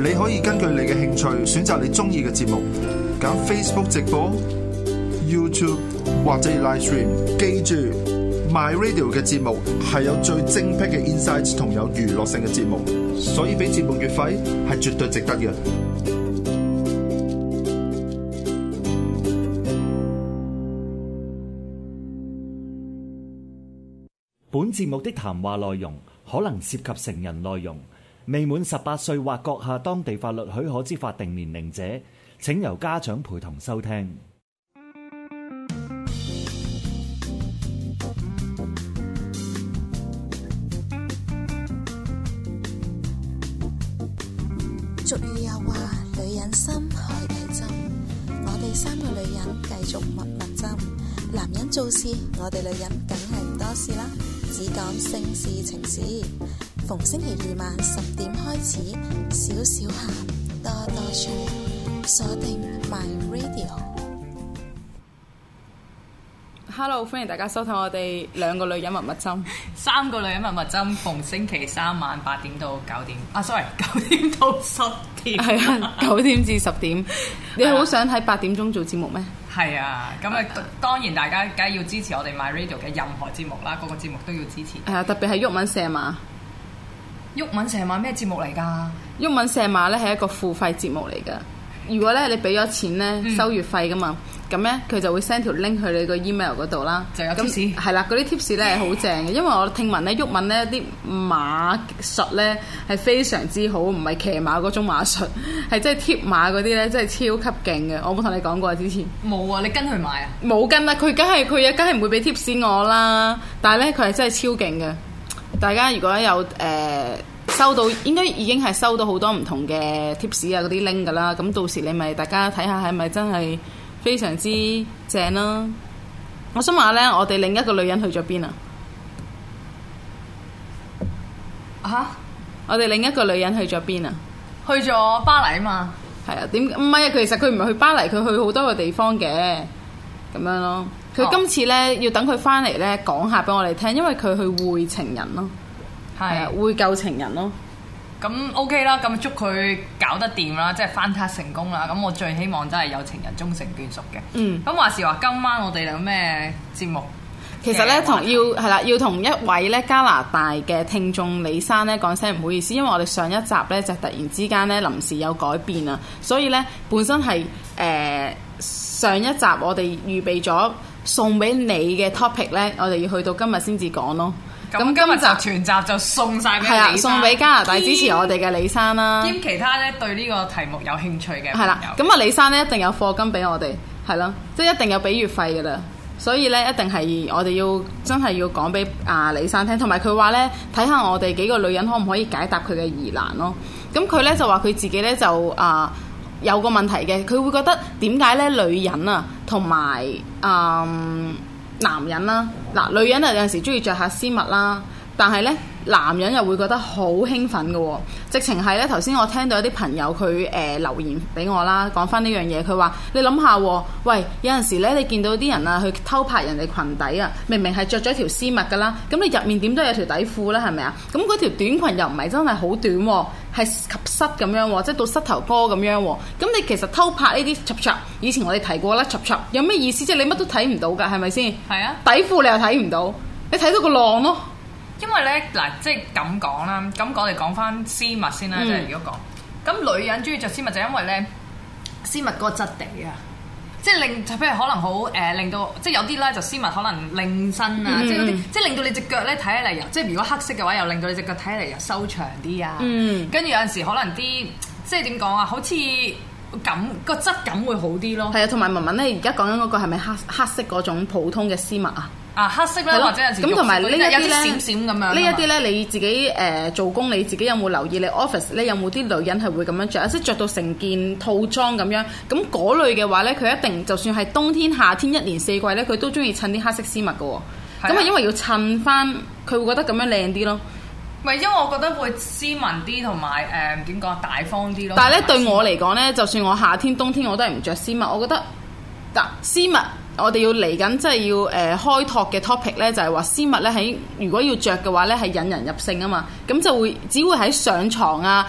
你可以根據你嘅興趣選擇你中意嘅節目，揀 Facebook 直播、YouTube 或者 Live Stream。記住，My Radio 嘅節目係有最精辟嘅 insights 同有娛樂性嘅節目，所以俾節目月費係絕對值得嘅。本節目的談話內容可能涉及成人內容。未滿十八歲或閣下當地法律許可之法定年齡者，請由家長陪同收聽。俗語又話：女人心，海底針。我哋三個女人繼續密密針。男人做事，我哋女人梗係唔多事啦，只講性事情事。逢星期二晚十點開始，少少喊，多多唱，鎖定 My Radio。Hello，歡迎大家收睇我哋兩個女人密密針，三個女人密密針。逢星期三晚八點到九點。啊，sorry，九點到十點。係啊，九 點至十點。 你, lar 你好想喺八點鐘做節目咩？係啊，咁啊，當然大家梗係要支持我哋 My Radio 嘅任何節目啦，個個節目都要支持。係啊，特別係郁文社嘛。郁敏射馬咩節目嚟噶？郁敏射馬咧係一個付費節目嚟噶，如果咧你俾咗錢咧，嗯、收月費噶嘛，咁咧佢就會 send 條 link 去你個 email 嗰度啦。就有貼士係啦，嗰啲貼士咧係好正嘅，因為我聽聞咧郁敏咧啲馬術咧係非常之好，唔係騎馬嗰種馬術，係真係貼馬嗰啲咧真係超級勁嘅。我冇同你講過之前。冇啊，你跟佢買啊？冇跟啊，佢梗係佢啊，梗係唔會俾貼士我啦。但係咧，佢係真係超勁嘅。大家如果有誒、呃、收到，應該已經係收到好多唔同嘅 tips 啊，嗰啲 link 噶啦，咁 到時你咪大家睇下係咪真係非常之正咯。 我想問下咧，我哋另一個女人去咗邊啊？嚇！我哋另一個女人去咗邊啊？去咗巴黎啊嘛。係啊，點唔係啊？其實佢唔係去巴黎，佢去好多個地方嘅，咁樣咯。佢今、哦、次咧要等佢翻嚟咧，講下俾我哋聽，因為佢去會情人咯，係啊是，會舊情人咯。咁、嗯、OK 啦，咁祝佢搞得掂啦，即係翻撻成功啦。咁我最希望真係有情人終成眷屬嘅。嗯，咁話時話，今晚我哋有咩節目？其實咧，同、嗯、要係、嗯、啦，要同一位咧加拿大嘅聽眾李生咧講聲唔好意思，因為我哋上一集咧就突然之間咧臨時有改變啊，所以咧本身係誒、呃、上一集我哋預備咗。送俾你嘅 topic 呢，我哋要去到今日先至講咯。咁今日集全集就送曬。係啊，送俾加拿大支持兼 我哋嘅李生啦、啊。兼其他呢，對呢個題目有興趣嘅朋友。咁啊，李生呢，一定有課金俾我哋，係咯，即係一定有俾月費㗎啦。所以呢，一定係我哋要真係要講俾阿李生聽，同埋佢話呢，睇下我哋幾個女人可唔可以解答佢嘅疑難咯。咁佢呢，就話佢自己呢，就、呃、啊有個問題嘅，佢會覺得點解呢女人啊同埋？嗯，um, 男人啦，嗱，女人啊，有陣時中意著下絲襪啦。但係咧，男人又會覺得好興奮嘅喎、哦，直情係咧。頭先我聽到有啲朋友佢誒、呃、留言俾我啦，講翻呢樣嘢，佢話：你諗下，喂，有陣時咧，你見到啲人啊，去偷拍人哋裙底啊，明明係着咗條絲襪嘅啦，咁你入面點都有條底褲啦，係咪啊？咁嗰條短裙又唔係真係好短喎、哦，係及膝咁樣喎，即係到膝頭哥咁樣喎。咁你其實偷拍呢啲插插，以前我哋提過啦，插插有咩意思？即係你乜都睇唔到㗎，係咪先？係啊。底褲你又睇唔到，你睇到個浪咯、啊。因為咧，嗱，即係咁講啦，咁講我哋講翻絲襪先啦，嗯、即係如果講，咁女人中意着絲襪就因為咧絲襪嗰個質地啊，即係令，就譬如可能好誒、呃，令到即係有啲咧就絲襪可能令身啊、嗯，即係嗰啲，即係令到你隻腳咧睇起嚟，又，即係如果黑色嘅話，又令到你隻腳睇起嚟又修長啲啊，跟住、嗯、有陣時可能啲，即係點講啊，好似噉個質感會好啲咯。係啊，同埋雯雯咧，而家講緊嗰個係咪黑黑色嗰種普通嘅絲襪啊？啊，黑色咧，了或者咁同埋呢閃閃咁樣一啲咧，呢一啲咧，你自己誒、呃、做工，你自己有冇留意？你 office 你有冇啲女人係會咁樣着、啊？即係著到成件套裝咁樣。咁、那、嗰、個、類嘅話咧，佢一定就算係冬天、夏天，一年四季咧，佢都中意襯啲黑色絲襪噶。咁係是、啊、因為要襯翻，佢會覺得咁樣靚啲咯。唔因為我覺得會斯文啲同埋誒點講大方啲咯。但係咧對我嚟講咧，就算我夏天冬天我都係唔着絲襪，我覺得，嗱，絲襪。我哋要嚟緊，即係要誒、呃、開拓嘅 topic 呢，就係話絲襪呢。喺如果要着嘅話呢，係引人入勝啊嘛，咁就會只會喺上床啊，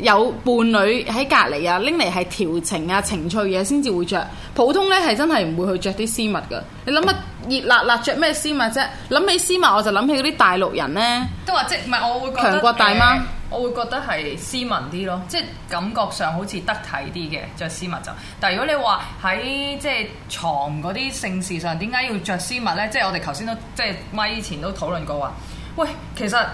有伴侶喺隔離啊，拎嚟係調情啊，情趣嘢先至會着。普通呢，係真係唔會去着啲絲襪㗎。你諗下熱辣辣着咩絲襪啫？諗起絲襪我就諗起嗰啲大陸人呢。都話即係唔係我會強國大媽、呃。我會覺得係斯文啲咯，即係感覺上好似得體啲嘅着絲襪就。但係如果你話喺即係牀嗰啲性事上，點解要着絲襪呢？即係我哋頭先都即係咪以前都討論過話，喂，其實。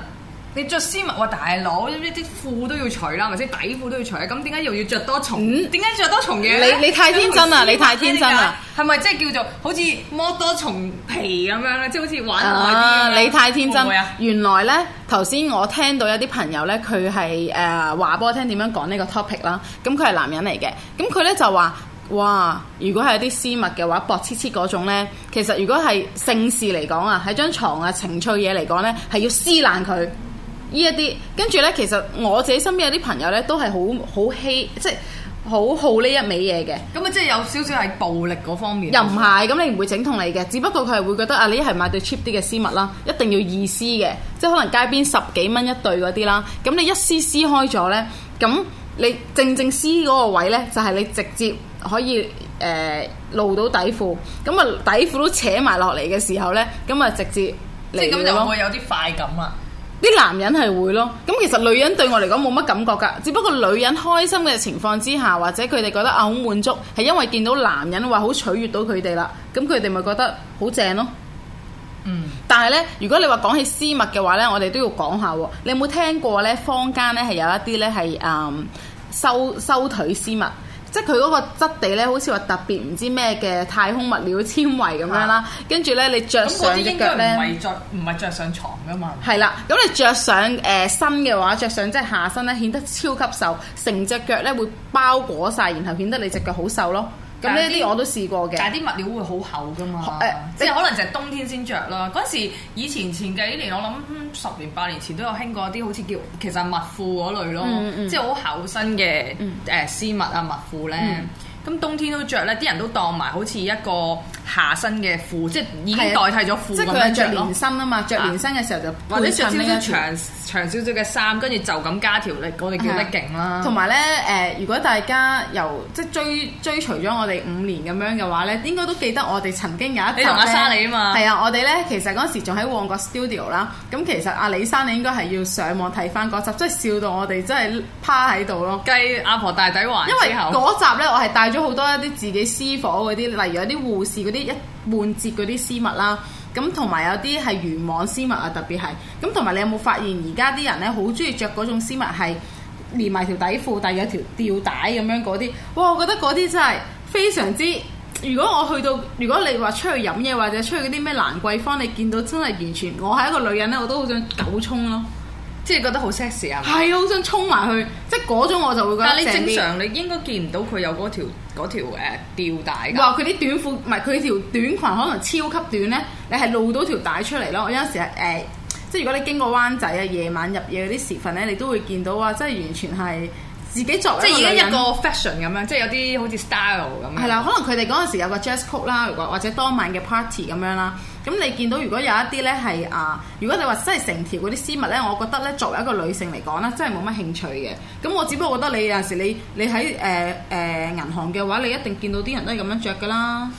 你着絲襪，哇大佬，呢啲褲都要除啦，或者底褲都要除。咁點解又要着多重？點解着多重嘢咧？你你太天真啦！你太天真啦，啊！係咪即係叫做好似摸多重皮咁樣咧？即、就、係、是、好似玩耐啲，啊。你太天真。嗎原來呢，頭先我聽到有啲朋友呢，佢係誒話俾我聽點樣講呢個 topic 啦，嗯。咁佢係男人嚟嘅，咁佢呢就話，哇，如果係啲絲襪嘅話，薄黐黐嗰種咧，其實如果係性事嚟講啊，喺張床啊情趣嘢嚟講呢，係要撕爛佢。呢一啲，跟住呢，其實我自己身邊有啲朋友呢，都係好好稀，即係好好呢一味嘢嘅。咁啊，即係有少少係暴力嗰方面。又唔係，咁你唔會整痛你嘅，只不過佢係會覺得啊，你係買對 cheap 啲嘅絲襪啦，一定要易撕嘅，即係可能街邊十幾蚊一對嗰啲啦。咁你一絲撕開咗呢，咁你正正撕嗰個位呢，就係你直接可以誒、呃、露到底褲。咁啊，底褲都扯埋落嚟嘅時候呢，咁啊直接你咁就會有啲快感啦。啲男人係會咯，咁其實女人對我嚟講冇乜感覺噶，只不過女人開心嘅情況之下，或者佢哋覺得啊好滿足，係因為見到男人話好取悅到佢哋啦，咁佢哋咪覺得好正咯。嗯，但係呢，如果你講話講起絲襪嘅話呢，我哋都要講下喎。你有冇聽過呢？坊間呢係有一啲呢係誒收收腿絲襪。即係佢嗰個質地咧，好似話特別唔知咩嘅太空物料纖維咁樣啦，啊、跟住咧你着上隻腳咧，唔係、嗯那個、着唔係著上床噶嘛。係啦，咁你着上誒、呃、身嘅話，着上即係下身咧，顯得超級瘦，成隻腳咧會包裹晒，然後顯得你隻腳好瘦咯。咁呢啲我都試過嘅，但係啲物料會好厚㗎嘛？呃、即係可能就係冬天先着啦。嗰陣、呃、時，以前、嗯、前幾年我諗十年八年前都有興過啲好似叫其實襪褲嗰類咯，嗯嗯，即係好厚身嘅誒絲襪啊襪褲咧。嗯咁冬天都着咧，啲人都當埋好似一個下身嘅褲，即係已經代替咗褲的，即係佢係着連身啊嘛，着、啊、連身嘅時候就或者著少，少少長長少少嘅衫，跟住就咁加條力，我哋叫得勁啦。同埋咧，誒、呃、如果大家由即係追追隨咗我哋五年咁樣嘅話咧，應該都記得我哋曾經有一集，你同阿沙你啊嘛，係啊，我哋咧其實嗰時仲喺旺角 studio 啦。咁其實阿李生你應該係要上網睇翻嗰集，即係笑到我哋真係趴喺度咯，雞阿婆大底話。因為嗰集咧，我係帶咗。好多一啲自己私夥嗰啲，例如有啲護士嗰啲一半截嗰啲絲襪啦，咁同埋有啲係魚網絲襪啊，特別係。咁同埋你有冇發現而家啲人呢，好中意着嗰種絲襪係連埋條底褲，但有條吊帶咁樣嗰啲，哇！我覺得嗰啲真係非常之。如果我去到，如果你話出去飲嘢或者出去嗰啲咩蘭桂坊，你見到真係完全我係一個女人呢，我都好想狗衝咯。即係覺得好 sexy 啊！係啊，好想衝埋去，嗯、即係嗰種我就會覺得但你正常，你應該見唔到佢有嗰條嗰、呃、吊帶㗎。佢啲短褲唔係，佢條短裙可能超級短咧，你係露到條帶出嚟咯。我有陣時係誒、呃，即係如果你經過灣仔啊、夜晚入夜嗰啲時分咧，你都會見到啊，即係完全係自己作為一個。即係而家一個 fashion 咁樣，即係有啲好似 style 咁。係啦，可能佢哋嗰陣時有個 jazz 曲啦，或者當晚嘅 party 咁樣啦。咁你見到如果有一啲咧，係啊，如果你話真係成條嗰啲絲襪咧，我覺得咧作為一個女性嚟講咧，真係冇乜興趣嘅。咁我只不過覺得你有陣時你你喺誒誒銀行嘅話，你一定見到啲人都係咁樣着噶啦，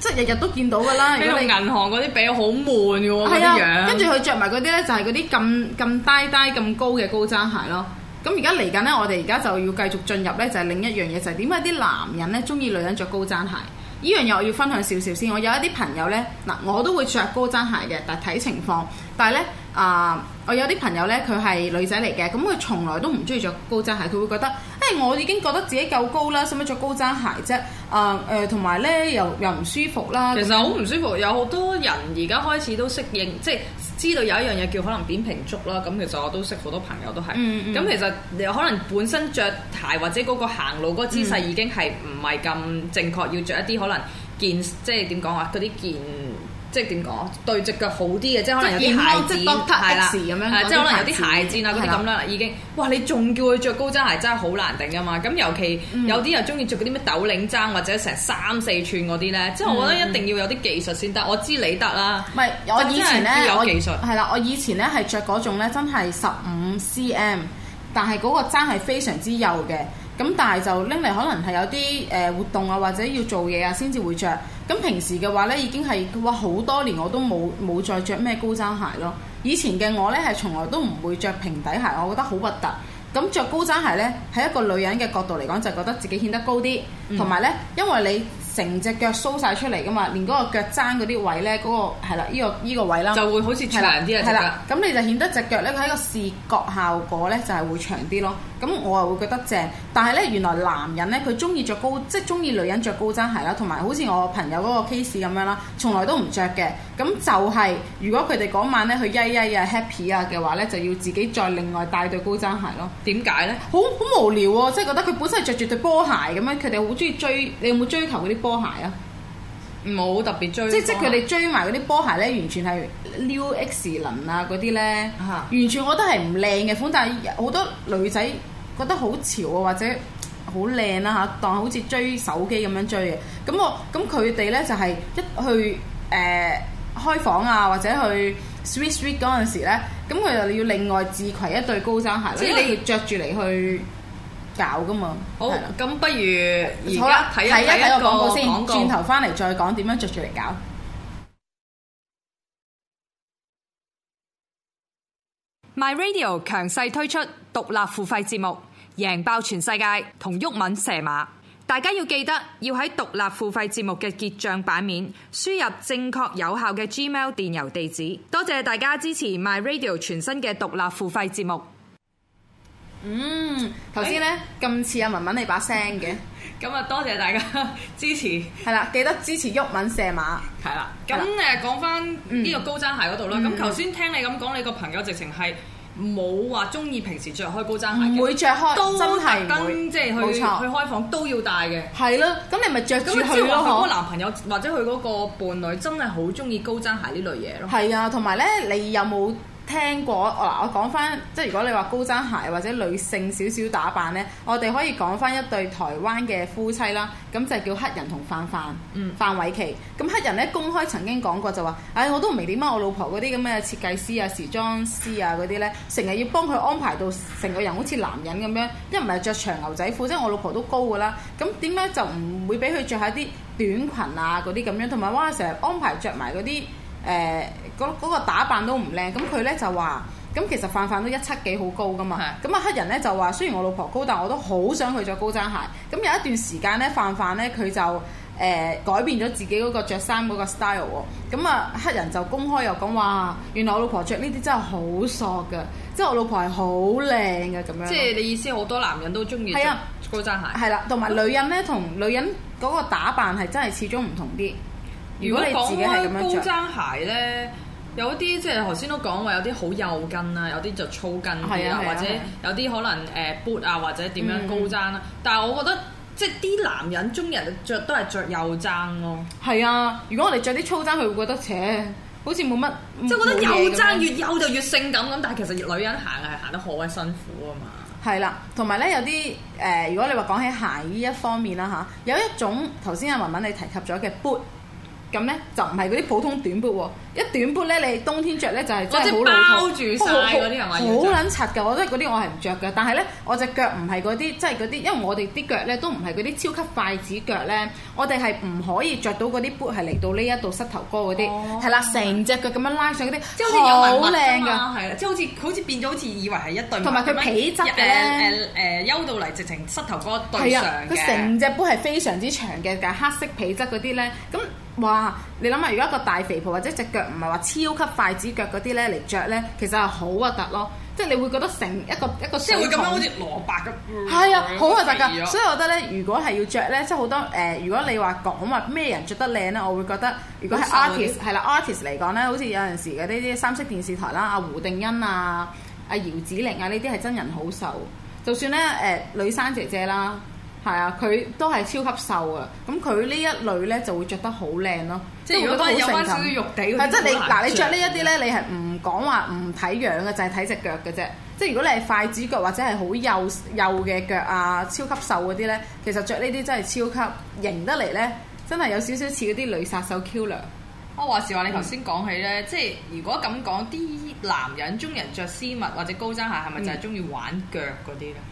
即係日日都見到噶啦。喺個銀行嗰啲比較好悶嘅喎，嗰啲樣。係啊，跟住佢着埋嗰啲咧就係嗰啲咁咁低低咁高嘅高踭鞋咯。咁而家嚟緊咧，我哋而家就要繼續進入咧，就係另一樣嘢，就係點解啲男人咧中意女人着高踭鞋？呢樣嘢我要分享少少先，我有一啲朋友呢，嗱，我都會着高踭鞋嘅，但睇情況。但係呢，啊、呃，我有啲朋友呢，佢係女仔嚟嘅，咁佢從來都唔中意着高踭鞋，佢會覺得，唉、哎，我已經覺得自己夠高啦，使乜着高踭鞋啫？啊、呃，誒，同埋呢，又又唔舒服啦。其實好唔舒服，有好多人而家開始都適應，即係。知道有一樣嘢叫可能扁平足啦，咁其實我都識好多朋友都係，咁、嗯嗯、其實你可能本身着鞋或者嗰個行路嗰個姿勢已經係唔係咁正確，嗯、要着一啲可能健，即係點講啊，嗰啲健。即係點講？對隻腳好啲嘅，即係可能有啲鞋子係 啦， 啦即係可能有啲鞋尖啊嗰啲咁啦，那那樣已經哇！你仲叫佢着高踭鞋，真係好難頂㗎嘛！咁尤其有啲人鍾意着嗰啲咩斗零踭或者成三四吋嗰啲咧，嗯、即係我覺得一定要有啲技術先得。嗯、我知你得啦，唔咪我以前咧，有技術我係啦，我以前咧係着嗰種咧，真係十五 cm，但係嗰個踭係非常之幼嘅。咁但係就拎嚟可能係有啲誒活動啊或者要做嘢啊先至會着。咁平時嘅話呢，已經係哇好多年我都冇冇再着咩高踭鞋咯。以前嘅我呢，係從來都唔會着平底鞋，我覺得好核突。咁着高踭鞋呢，喺一個女人嘅角度嚟講就覺得自己顯得高啲，同埋、嗯、呢，因為你。成隻腳 show 晒出嚟噶嘛，連嗰個腳踭嗰啲位咧，嗰、嗰個係啦，依、依個依、依個位啦，就會好似難啲啊，係啦，咁你就顯得隻腳咧，佢喺個視覺效果咧，就係會長啲咯。咁我又會覺得正，但係咧，原來男人咧，佢中意着高，即係中意女人着高踭鞋啦，同埋好似我朋友嗰個 case 咁樣啦，從來都唔着嘅。咁就係、是，如果佢哋嗰晚咧去曳曳啊、Happy 啊嘅話咧，就要自己再另外帶對高踭鞋咯。點解咧？好好無聊喎、啊，即係覺得佢本身係著住對波鞋咁樣，佢哋好中意追。你有冇追求嗰啲波鞋啊？冇特別追，即、啊、即佢哋追埋嗰啲波鞋咧，完全係 New X 輪啊嗰啲咧，呢 uh huh。完全我覺得係唔靚嘅款。但係好多女仔覺得好潮啊，或者好靚啦嚇，當好似追手機咁樣追嘅。咁我咁佢哋咧就係、是、一去誒。呃呃開房啊，或者去 sweet sweet 嗰陣時咧，咁佢就要另外自攜一對高踭鞋。即係你要着住嚟去搞噶嘛？好，咁的不如好啦吧，睇一睇一,一,一個廣告先，轉頭翻嚟再講點樣着住嚟搞。My Radio 強勢推出獨立付費節目，贏爆全世界，同毓民射馬。大家要記得要喺獨立付費節目嘅結帳版面輸入正確有效嘅 Gmail 電郵地址。多謝大家支持 My Radio 全新嘅獨立付費節目。嗯，頭先咧咁似阿文文你把聲嘅，咁啊多謝大家呵呵支持。係啦，記得支持鬱文射馬。係啦了，咁誒講翻呢個高踭鞋嗰度啦。咁頭先聽你咁講，你個朋友直情係。冇話中意平時着開高踭鞋嘅，每著開都特登即係，去沒錯 去開房都要戴嘅。係咯，咁你咪着住佢咯。咁即係男朋友或者佢嗰個伴侶真係好中意高踭鞋呢類嘢咯。係啊，同埋咧，你有冇？聽過嗱，我講翻即係如果你話高踭鞋或者女性少少打扮呢，我哋可以講翻一對台灣嘅夫妻啦。咁就叫黑人同范范。嗯、范瑋琪。咁黑人呢，公開曾經講過就話，唉、哎，我都唔明點解我老婆嗰啲咁嘅設計師啊、時裝師啊嗰啲呢，成日要幫佢安排到成個人好似男人咁樣，因為唔係着長牛仔褲，即、就、係、是、我老婆都高㗎啦。咁點解就唔會俾佢着下啲短裙啊嗰啲咁樣，同埋哇，成日安排着埋嗰啲。誒嗰、呃嗰個打扮都唔靚，咁佢咧就話，咁其實范范都一七幾好高噶嘛，咁啊是的 黑人咧就話，雖然我老婆高，但我都好想去着高踭鞋。咁有一段時間咧，范范咧佢就誒、呃、改變咗自己嗰個著衫嗰個 style 喎，咁啊黑人就公開又講話，原來我老婆着呢啲真係好索噶，即係我老婆係好靚嘅咁樣。即係你意思好多男人都中意著高踭鞋。係啊，高踭鞋？係啦的，同埋女人咧同女人嗰個打扮係真係始終唔同啲。如果你講開高踭鞋咧、嗯，有啲即係頭先都講話有啲好幼跟啊，有啲就粗跟啲啊，、呃、啊，或者有啲可能誒 boot 啊，或者點樣高踭啊。嗯、但係我覺得即係啲男人中人着都係着幼踭咯。係啊、嗯，如果我哋着啲粗踭，佢會覺得扯，好似冇乜。即係覺得幼踭越幼就越性感咁，嗯、但係其實女人行係行得好鬼辛苦啊嘛。係啦、嗯，同埋咧有啲誒、呃，如果你話講起鞋呢一方面啦吓，有一種頭先阿文文你提及咗嘅 boot。咁咧就唔係嗰啲普通短 boot 喎、喔，一短 boot 咧你冬天着咧就係真係好老土露肚，好撚柒㗎！我覺得嗰啲我係唔着嘅。但係咧，我隻腳唔係嗰啲，即係嗰啲，因為我哋啲腳咧都唔係嗰啲超級筷子腳咧，我哋係唔可以着到嗰啲 boot 係嚟到呢一度膝頭哥嗰啲，係、哦、 啦，成隻腳咁樣拉上嗰啲，即係好似有好靚㗎，係啦，即係好似好似變咗，好似以為係一對。同埋佢皮質嘅，誒誒誒，悠、呃呃呃呃呃呃呃、到嚟直情膝頭哥對上佢成隻 boot 係非常之長嘅，但係黑色皮質嗰啲咧咁。哇！你諗下，如果一個大肥婆或者隻腳唔係話超級筷子腳嗰啲咧嚟着咧，其實係好核突咯！即係你會覺得成一個一個，即係會咁樣好似蘿蔔咁。係、嗯、啊，好核突噶！嗯、所以我覺得咧，如果係要着咧，即係好多誒、呃。如果你話講話咩人着得靚咧，我會覺得如果係 art、啊、artist 係啦，artist 嚟講咧，好似有陣時嘅呢啲三色電視台啦，阿胡定欣啊，阿姚子羚啊，呢啲係真人好瘦。就算咧誒、呃呃，女生姐姐啦。係啊，佢都係超級瘦啊，咁佢呢一類咧就會着得好靚咯，即係如果都係有翻少少肉地，即係你嗱，你著呢一啲咧，你係唔講話唔睇樣嘅，就係睇隻腳嘅啫。即係如果你係筷子腳或者係好幼幼嘅腳啊，超級瘦嗰啲咧，其實着呢啲真係超級、嗯、型得嚟咧，真係有少少似嗰啲女殺手 killer。我、哦、話時話你頭先講起咧，嗯、即係如果咁講，啲男人中人着絲襪或者高踭鞋，係咪就係中意玩腳嗰啲咧？嗯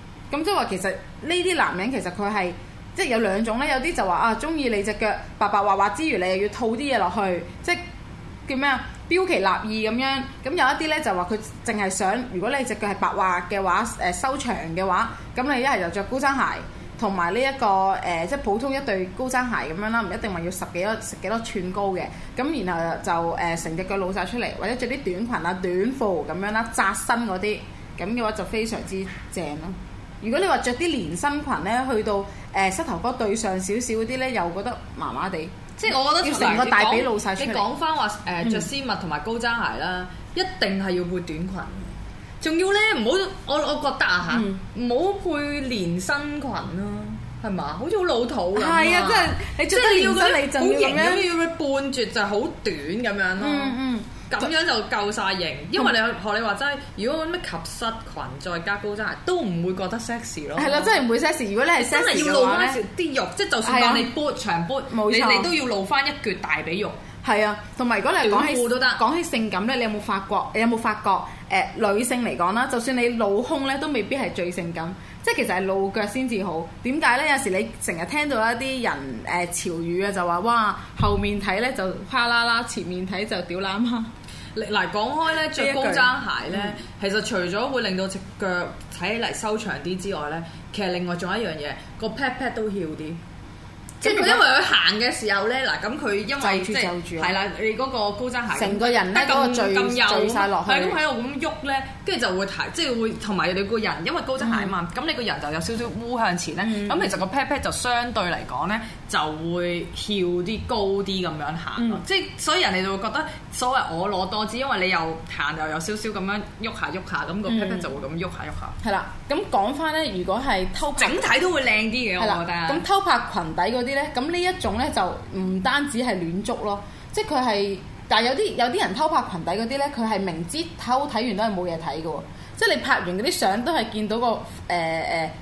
咁即係話，其實呢啲男人其實佢係即係有兩種咧。有啲就話啊，鍾意你隻腳白白滑滑之餘，你又要套啲嘢落去，即係叫咩啊？標奇立異咁樣。咁有一啲咧就話佢淨係想，如果你隻腳係白滑嘅話，誒修長嘅話，咁你一係就着高踭鞋，同埋呢一個誒即係普通一對高踭鞋咁樣啦，唔一定話要十幾多十幾多寸高嘅。咁然後就誒成隻腳露晒出嚟，或者着啲短裙啊、短褲咁樣啦，紮身嗰啲咁嘅話，就非常之正咯。如果你話着啲連身裙咧，去到誒膝頭哥對上少少啲咧，又覺得麻麻地。即係我覺得要成個大髀露晒。你講翻話誒著絲襪同埋高踭鞋啦，嗯、一定係要配短裙。仲要咧唔好，我我覺得啊嚇，唔好、嗯、配連身裙咯、啊，係嘛？好似好老土咁。係啊，即係、哎、你著得身就要身、啊、你好型咁要佢、啊、半截就好短咁樣咯、啊。嗯嗯。咁樣就夠晒型，因為你學你話齋，如果咩及膝裙再加高踭鞋，都唔會覺得 sexy 咯。係咯吧，真係唔會 sexy。如果你係真係要露嘅啲肉，即係就算你 boot 長 boot 你都要露翻一撅大髀肉。係啊，同埋如果你嚟講起都得，講起性感咧，你有冇發覺？有冇發覺？誒、呃，女性嚟講啦，就算你露胸咧，都未必係最性感。即係其實係露腳先至好。點解咧？有時你成日聽到一啲人誒、呃、潮語啊，就話哇，後面睇咧就嘩啦啦，前面睇就屌乸媽。嚟嗱講開咧，著高踭鞋咧，嗯、其實除咗會令到隻腳睇起嚟修長啲之外咧，其實另外仲有一樣嘢，個 pat pat 都翹啲。即佢因為佢行嘅時候咧，嗱咁佢因為即係係啦，你嗰個高踭鞋成個人咧，嗰個墜墜曬落去，咁喺度咁喐咧，跟住就會提，即係會同埋你個人，因為高踭鞋啊嘛，咁你個人就有少少烏向前咧，咁其實個 pat pat 就相對嚟講咧就會翹啲高啲咁樣行。即係所以人哋就會覺得所謂我攞多支，因為你又彈又有少少咁樣喐下喐下，咁個 pat pat 就會咁喐下喐下。係啦，咁講翻咧，如果係偷拍整體都會靚啲嘅，我覺得。咁偷拍裙底嗰啲。咧咁呢一種咧就唔單止係亂捉咯，即係佢係，但係有啲有啲人偷拍裙底嗰啲咧，佢係明知偷睇完都係冇嘢睇嘅喎，即係你拍完嗰啲相都係見到個誒誒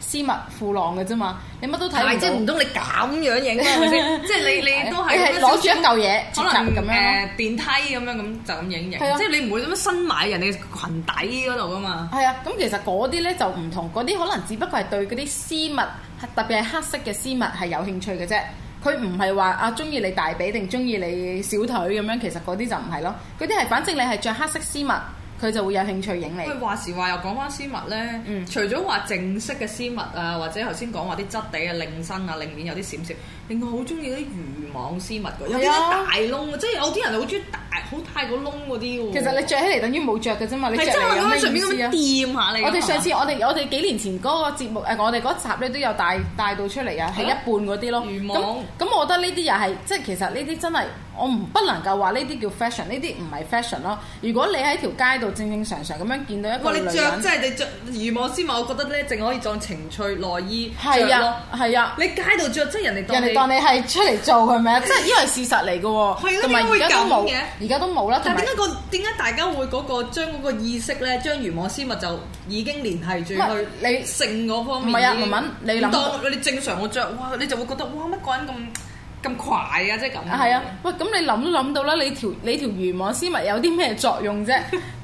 絲襪褲浪嘅啫嘛，你乜都睇唔到。即係唔通你咁樣影啊？即係你你都係攞住一嚿嘢可能咁誒電梯咁樣咁就咁影影。即係你唔會咁樣伸埋人哋裙底嗰度噶嘛？係啊。咁其實嗰啲咧就唔同，嗰啲可能只不過係對嗰啲絲襪。特別係黑色嘅絲襪係有興趣嘅啫，佢唔係話啊中意你大髀定中意你小腿咁樣，其實嗰啲就唔係咯，嗰啲係反正你係着黑色絲襪，佢就會有興趣影你。話時話又講翻絲襪呢，嗯、除咗話正式嘅絲襪啊，或者頭先講話啲質地啊、靚身啊、靚面有啲閃閃。令我好中意啲漁網絲襪，是啊、有啲大窿，即、就、係、是、有啲人好中、啊、意大好太個窿嗰啲喎。其實你着起嚟等於冇着嘅啫嘛，你著嚟咁樣上邊咁掂下你。我哋上次我哋我哋幾年前嗰個節目誒，我哋嗰集咧都有帶帶到出嚟啊，係一半嗰啲咯。漁網咁，咁我覺得呢啲又係即係其實呢啲真係我唔不能夠話呢啲叫 fashion，呢啲唔係 fashion 咯。如果你喺條街度正正常常咁樣見到一個女人，你着，即係你着漁網絲襪，我覺得咧淨可以當情趣內衣著咯，係啊，啊你街度着，即係人哋。話你係出嚟做係咪啊？即係呢個係事實嚟嘅喎，同埋 而有？會都冇，而家都冇啦。但係點解個點解大家會嗰、嗰個將嗰且、嗰個、個意識咧，將魚網絲襪就已經聯繫住佢？你性嗰方面，唔係啊，雯雯，你諗到你正常我着哇！你就會覺得哇，乜個人咁～咁快啊！即係咁啊！係啊！喂，咁你諗都諗到啦！你條你條魚網絲襪有啲咩作用啫？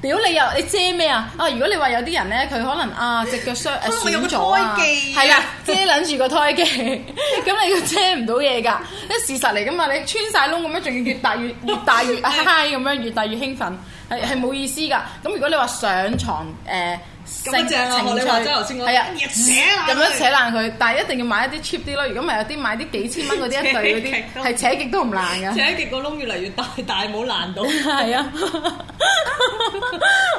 屌 你又你遮咩啊？啊！如果你話有啲人咧，佢可能啊隻腳傷誒損咗啊，係啊， 遮擰住個胎記，咁你要遮唔到嘢㗎？因為事實嚟㗎嘛！你穿晒窿咁樣，仲要越大越越大越嗨咁、 啊啊、樣，越大越興奮，係係冇意思㗎！咁如果你話上床。誒、呃？正啊！你性情趣係啊，咁樣扯爛佢，但係一定要買一啲 cheap 啲咯。如果唔係，有啲買啲幾千蚊嗰啲一對嗰啲，係扯極都唔爛噶。扯極個窿越嚟越大，但越越大冇爛到。係啊，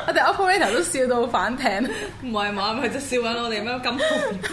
我哋 operator 都笑到反艇。 唔係嘛，佢就笑緊我哋咁。金 句，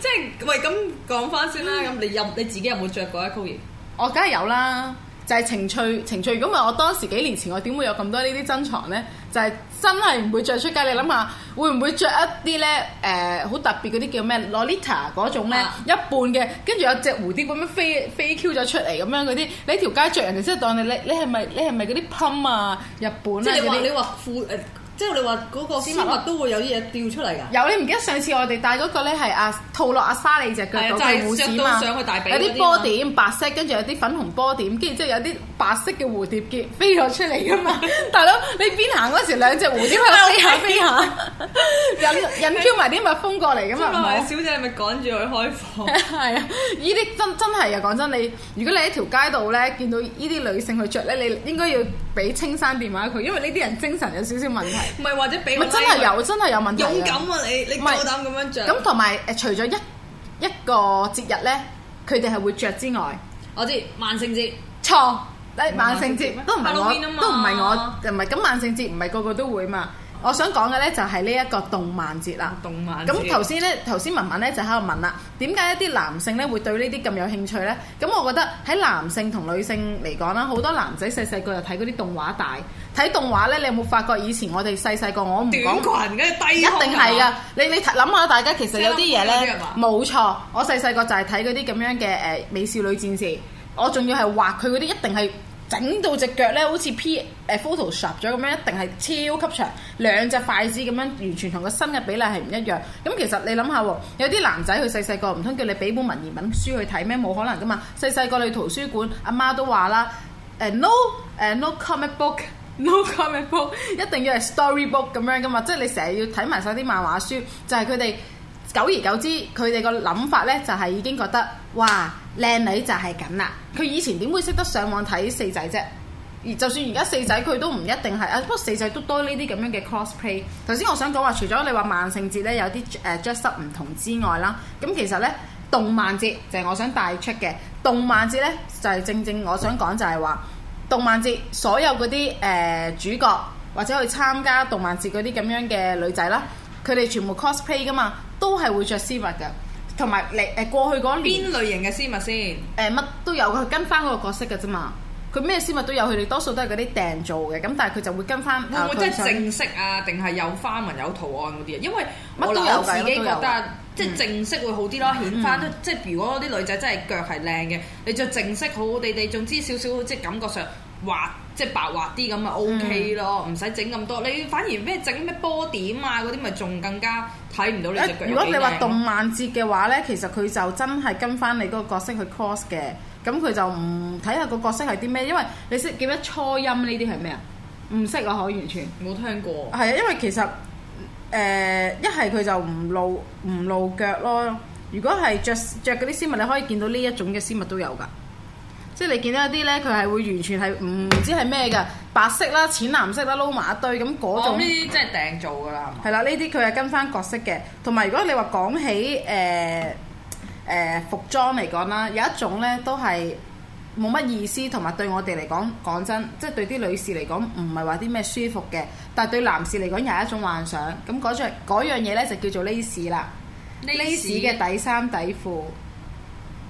即係喂咁講翻先啦。咁你有你自己有冇着過一 p a i？我梗係有啦。就係情趣，情趣。如果唔係，我當時幾年前我點會有咁多呢啲珍藏咧？就係、是、真係唔會着出街。你諗下，會唔會着一啲咧？誒、呃，好特別嗰啲叫咩？Lolita 嗰種咧，麼一半嘅，跟住有隻蝴蝶咁樣飛飛 Q 咗出嚟咁樣嗰啲，你條街，着人哋真係當你你你係咪你係咪嗰啲 pump 啊？日本即啊嗰啲。些即係你話嗰個絲襪都會有啲嘢掉出嚟㗎？有、嗯、 你唔記得上次我哋戴嗰個咧係啊，套落阿莎莉隻腳嗰對蝴蝶嘛，嗯就是、有啲波點白色，跟住有啲粉紅波點，跟住即係有啲白色嘅蝴蝶結飛咗出嚟㗎嘛。大佬，你邊行嗰時兩隻蝴蝶喺度飛下飛下，引引招埋啲蜜蜂過嚟㗎嘛？唔係小姐咪趕住去開房。係啊，呢啲真 真係啊，講真你，如果你喺條街度咧見到呢啲女性去着咧，你應該要。俾青山電話佢，因為呢啲人精神有少少問題，唔係 或者俾我、like、真係有真係有問題。勇敢啊你，你夠膽咁樣着。咁同埋誒，除咗一一個節日咧，佢哋係會着之外，我知萬聖節錯，你萬聖節都唔係我都唔係我唔係，咁萬聖節唔係個個都會嘛？我想講嘅呢就係呢一個動漫節啦。動漫節咁頭先呢，頭先文文呢就喺度問啦，點解一啲男性呢會對呢啲咁有興趣呢？咁我覺得喺男性同女性嚟講啦，好多男仔細細個就睇嗰啲動畫大，睇動畫呢，你有冇發覺以前我哋細細個我唔講短裙嘅低一定係㗎，你你諗下大家其實有啲嘢呢，冇錯，我細細個就係睇嗰啲咁樣嘅誒美少女戰士，我仲要係畫佢嗰啲一定係。整到隻腳咧，好似 P 誒 Photoshop 咗咁樣，一定係超級長，兩隻筷子咁樣，完全同個身嘅比例係唔一樣。咁其實你諗下，有啲男仔佢細細個，唔通叫你俾本文言文書去睇咩？冇可能噶嘛！細細個去圖書館，阿媽都話啦，誒 no 誒 no comic book，no comic book，一定要係 story book 咁樣噶嘛！即係你成日要睇埋晒啲漫畫書，就係佢哋久而久之，佢哋個諗法咧就係已經覺得，哇！靚女就係咁啦，佢以前點會識得上網睇四仔啫？而就算而家四仔，佢都唔一定係啊，不過四仔都多呢啲咁樣嘅 cosplay。頭先我想講話，除咗你話萬聖節咧有啲 j 誒著衫唔同之外啦，咁其實咧動漫節就係我想帶出嘅動漫節咧，就係正正我想講就係話動漫節所有嗰啲誒主角或者去參加動漫節嗰啲咁樣嘅女仔啦，佢哋全部 cosplay 噶嘛，都係會著絲襪嘅。同埋你誒過去嗰年邊類型嘅絲襪先誒乜、呃、都有佢跟翻嗰個角色嘅啫嘛，佢咩絲襪都有，佢哋多數都係嗰啲訂做嘅，咁但係佢就會跟翻。會唔會即係淨色啊？定係、呃、有花紋有圖案嗰啲啊？因為乜都有自己覺得，即係淨色會好啲咯，嗯、顯翻即係如果啲女仔真係腳係靚嘅，你著淨色好好地地，總之少少即係感覺上滑。即係白滑啲咁咪 OK 咯，唔使整咁多。你反而咩整咩波點啊嗰啲，咪仲更加睇唔到你隻腳幾靚。如果你話動漫節嘅話呢，其實佢就真係跟翻你嗰個角色去 cos 嘅，咁佢就唔睇下個角色係啲咩，因為你識記得初音呢啲係咩啊？唔識啊，我完全冇聽過。係啊，因為其實誒一係佢就唔露唔露腳咯。如果係著著嗰啲絲襪，你可以見到呢一種嘅絲襪都有㗎。即係你見到一啲咧，佢係會完全係唔、嗯、知係咩嘅白色啦、淺藍色啦撈埋一堆咁嗰種。哦，呢啲真係訂做㗎啦。係啦，呢啲佢係跟翻角色嘅。同埋如果你話講起誒誒、呃呃、服裝嚟講啦，有一種咧都係冇乜意思，同埋對我哋嚟講，講真，即、就、係、是、對啲女士嚟講唔係話啲咩舒服嘅，但係對男士嚟講又係一種幻想。咁嗰出嗰樣嘢咧就叫做蕾絲啦，蕾絲嘅底衫底褲。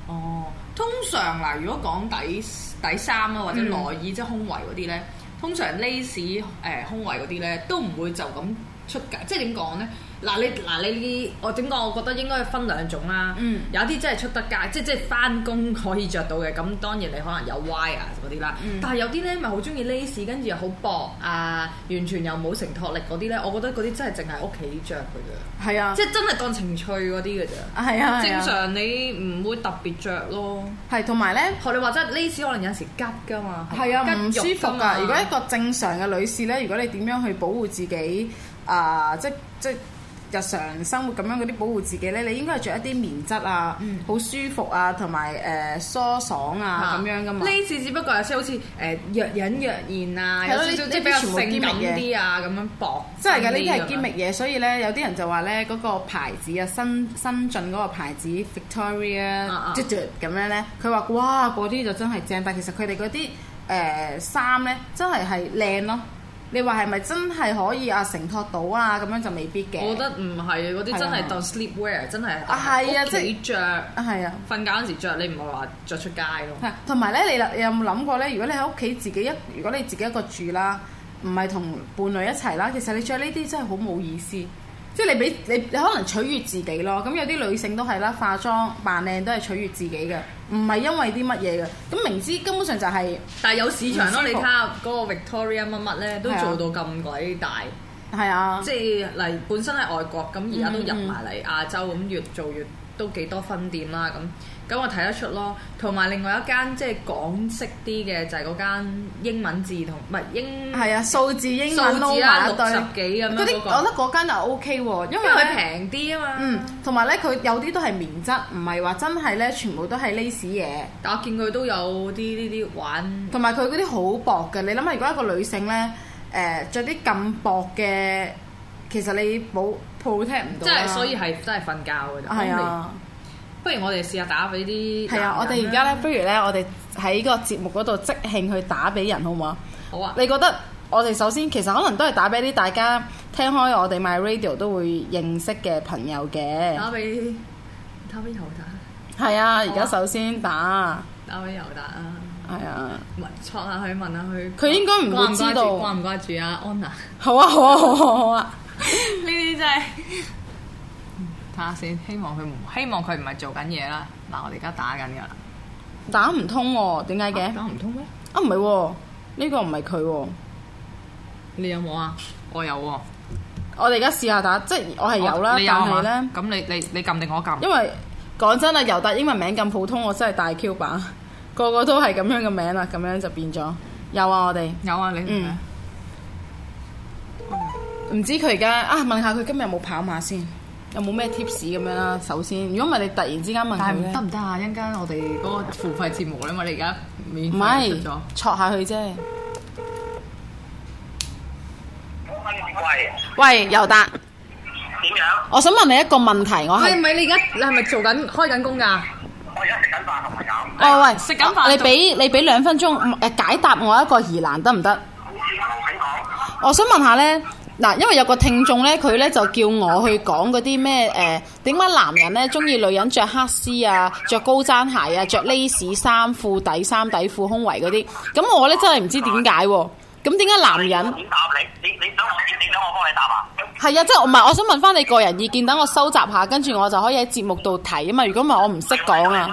哦。通常嗱，如果講底底衫啊，或者內衣、嗯、即係胸圍嗰啲咧，通常 lace 誒胸圍嗰啲咧都唔會就咁出嘅，即係點講咧？嗱你嗱你呢？我點講？我覺得應該分兩種啦。嗯。有啲真係出得街，即即翻工可以着到嘅，咁當然你可能有 wire 啊嗰啲啦。嗯、但係有啲咧，咪好中意 lace，跟住又好薄啊，完全又冇承托力嗰啲咧，我覺得嗰啲真係淨係屋企着嘅啫。係啊。即係真係當情趣嗰啲㗎啫。係啊，係啊。正常你唔會特別着咯。係。同埋咧，學你話齋 lace 可能有時拮㗎嘛。係啊。唔舒服㗎。如果一個正常嘅女士咧，如果你點樣去保護自己啊、呃？即即。即即即日常生活咁樣嗰啲保護自己咧，你應該係著一啲棉質啊，好、嗯、舒服啊，同埋誒疏爽啊咁、啊、樣噶嘛。呢次只不過係好似誒若隱若現啊，嗯、有少少即係比較性感啲啊，咁樣薄真。真係㗎，呢啲係堅力嘢，所以咧有啲人就話咧嗰個牌子，牌子 Victoria，啊，啊，新新進嗰個牌子 Victoria，嘟嘟咁樣咧，佢話哇嗰啲就真係正，但其實佢哋嗰啲誒衫咧真係係靚咯。你話係咪真係可以啊承托到啊？咁樣就未必嘅。我覺得唔係，嗰啲真係當 Sleepwear，真係喺屋企著。着，係啊，瞓、啊啊啊、覺嗰時着，你唔係話着出街咯。同埋咧，你有冇諗過咧？如果你喺屋企自己一，如果你自己一個住啦，唔係同伴侶一齊啦，其實你着呢啲真係好冇意思。即係你俾你，你可能取悅自己咯。咁有啲女性都係啦，化妝扮靚都係取悅自己嘅。唔係因為啲乜嘢嘅，咁明知根本上就係，但係有市場咯。你睇下嗰個 Victoria 乜乜咧，都做到咁鬼大。係啊，即係嚟本身喺外國，咁而家都入埋嚟亞洲，咁越、嗯嗯、做越都幾多分店啦，咁。咁我睇得出咯，同埋另外一間即係港式啲嘅就係嗰間英文字同唔係英，係啊，數字英文撈啦、啊、六十幾咁樣，我覺得嗰間又 OK 喎，因為佢平啲啊嘛。嗯，同埋咧佢有啲都係棉質，唔係話真係咧全部都係 lace 嘢。但我見佢都有啲呢啲玩。同埋佢嗰啲好薄嘅，你諗下如果一個女性咧誒著啲咁薄嘅，其實你冇 protect 唔到，即係所以係真係瞓覺嘅啫。係啊。不如我哋試下打俾啲係啊！我哋而家咧，不如咧，我哋喺個節目嗰度即興去打俾人好唔好？好啊！你覺得我哋首先其實可能都係打俾啲大家聽開我哋 MyRadio 都會認識嘅朋友嘅。打俾打俾尤達。係啊！而家好、啊、首先打打俾尤達。係啊！問戳下佢，問下佢。佢應該唔會知道掛唔掛住啊安娜、啊。好啊！好啊，好好、啊、好啊！呢啲真係。 先希望佢，希望佢唔係做緊嘢啦。嗱，我哋而家打緊㗎啦，打唔通喎？點解嘅？打唔通咩？啊，唔係喎，呢個唔係佢喎。你有冇啊？我有喎。我哋而家試下打，即係我係有啦，但係咧，咁你你你撳定我撳？因為講真啦，尤達英文名咁普通，我真係大 Q 版， 個個都係咁樣嘅名啦，咁樣就變咗。有啊，我哋有啊，你嗯。唔、嗯、知佢而家啊？問下佢今日有冇跑馬先。有冇咩 tips 咁樣啦？首先，如果唔係你突然之間問，得唔得啊？一陣間我哋嗰個付費節目咧，我哋而家免費咗，下去啫。喂，喂答，尤達，點樣？我想問你一個問題，我係唔係你而家你係咪做緊開緊工㗎？我而家食緊飯同埋飲。喂食緊飯你，你俾你俾兩分鐘誒解答我一個疑難得唔得？行行我想問下咧。嗯嗯嗯嗱，因為有個聽眾咧，佢咧就叫我去講嗰啲咩誒？呃、點解男人咧中意女人着黑絲啊、着高踭鞋啊、著蕾絲衫褲底衫底褲胸圍嗰啲？咁我咧真係唔知點解喎。咁點解男人？點答你？你想你想我，你想我幫你答啊？係、就、啊、係，即係我唔係，我想問翻你個人意見，等我收集下，跟住我就可以喺節目度睇啊嘛。如果唔係，我唔識講啊。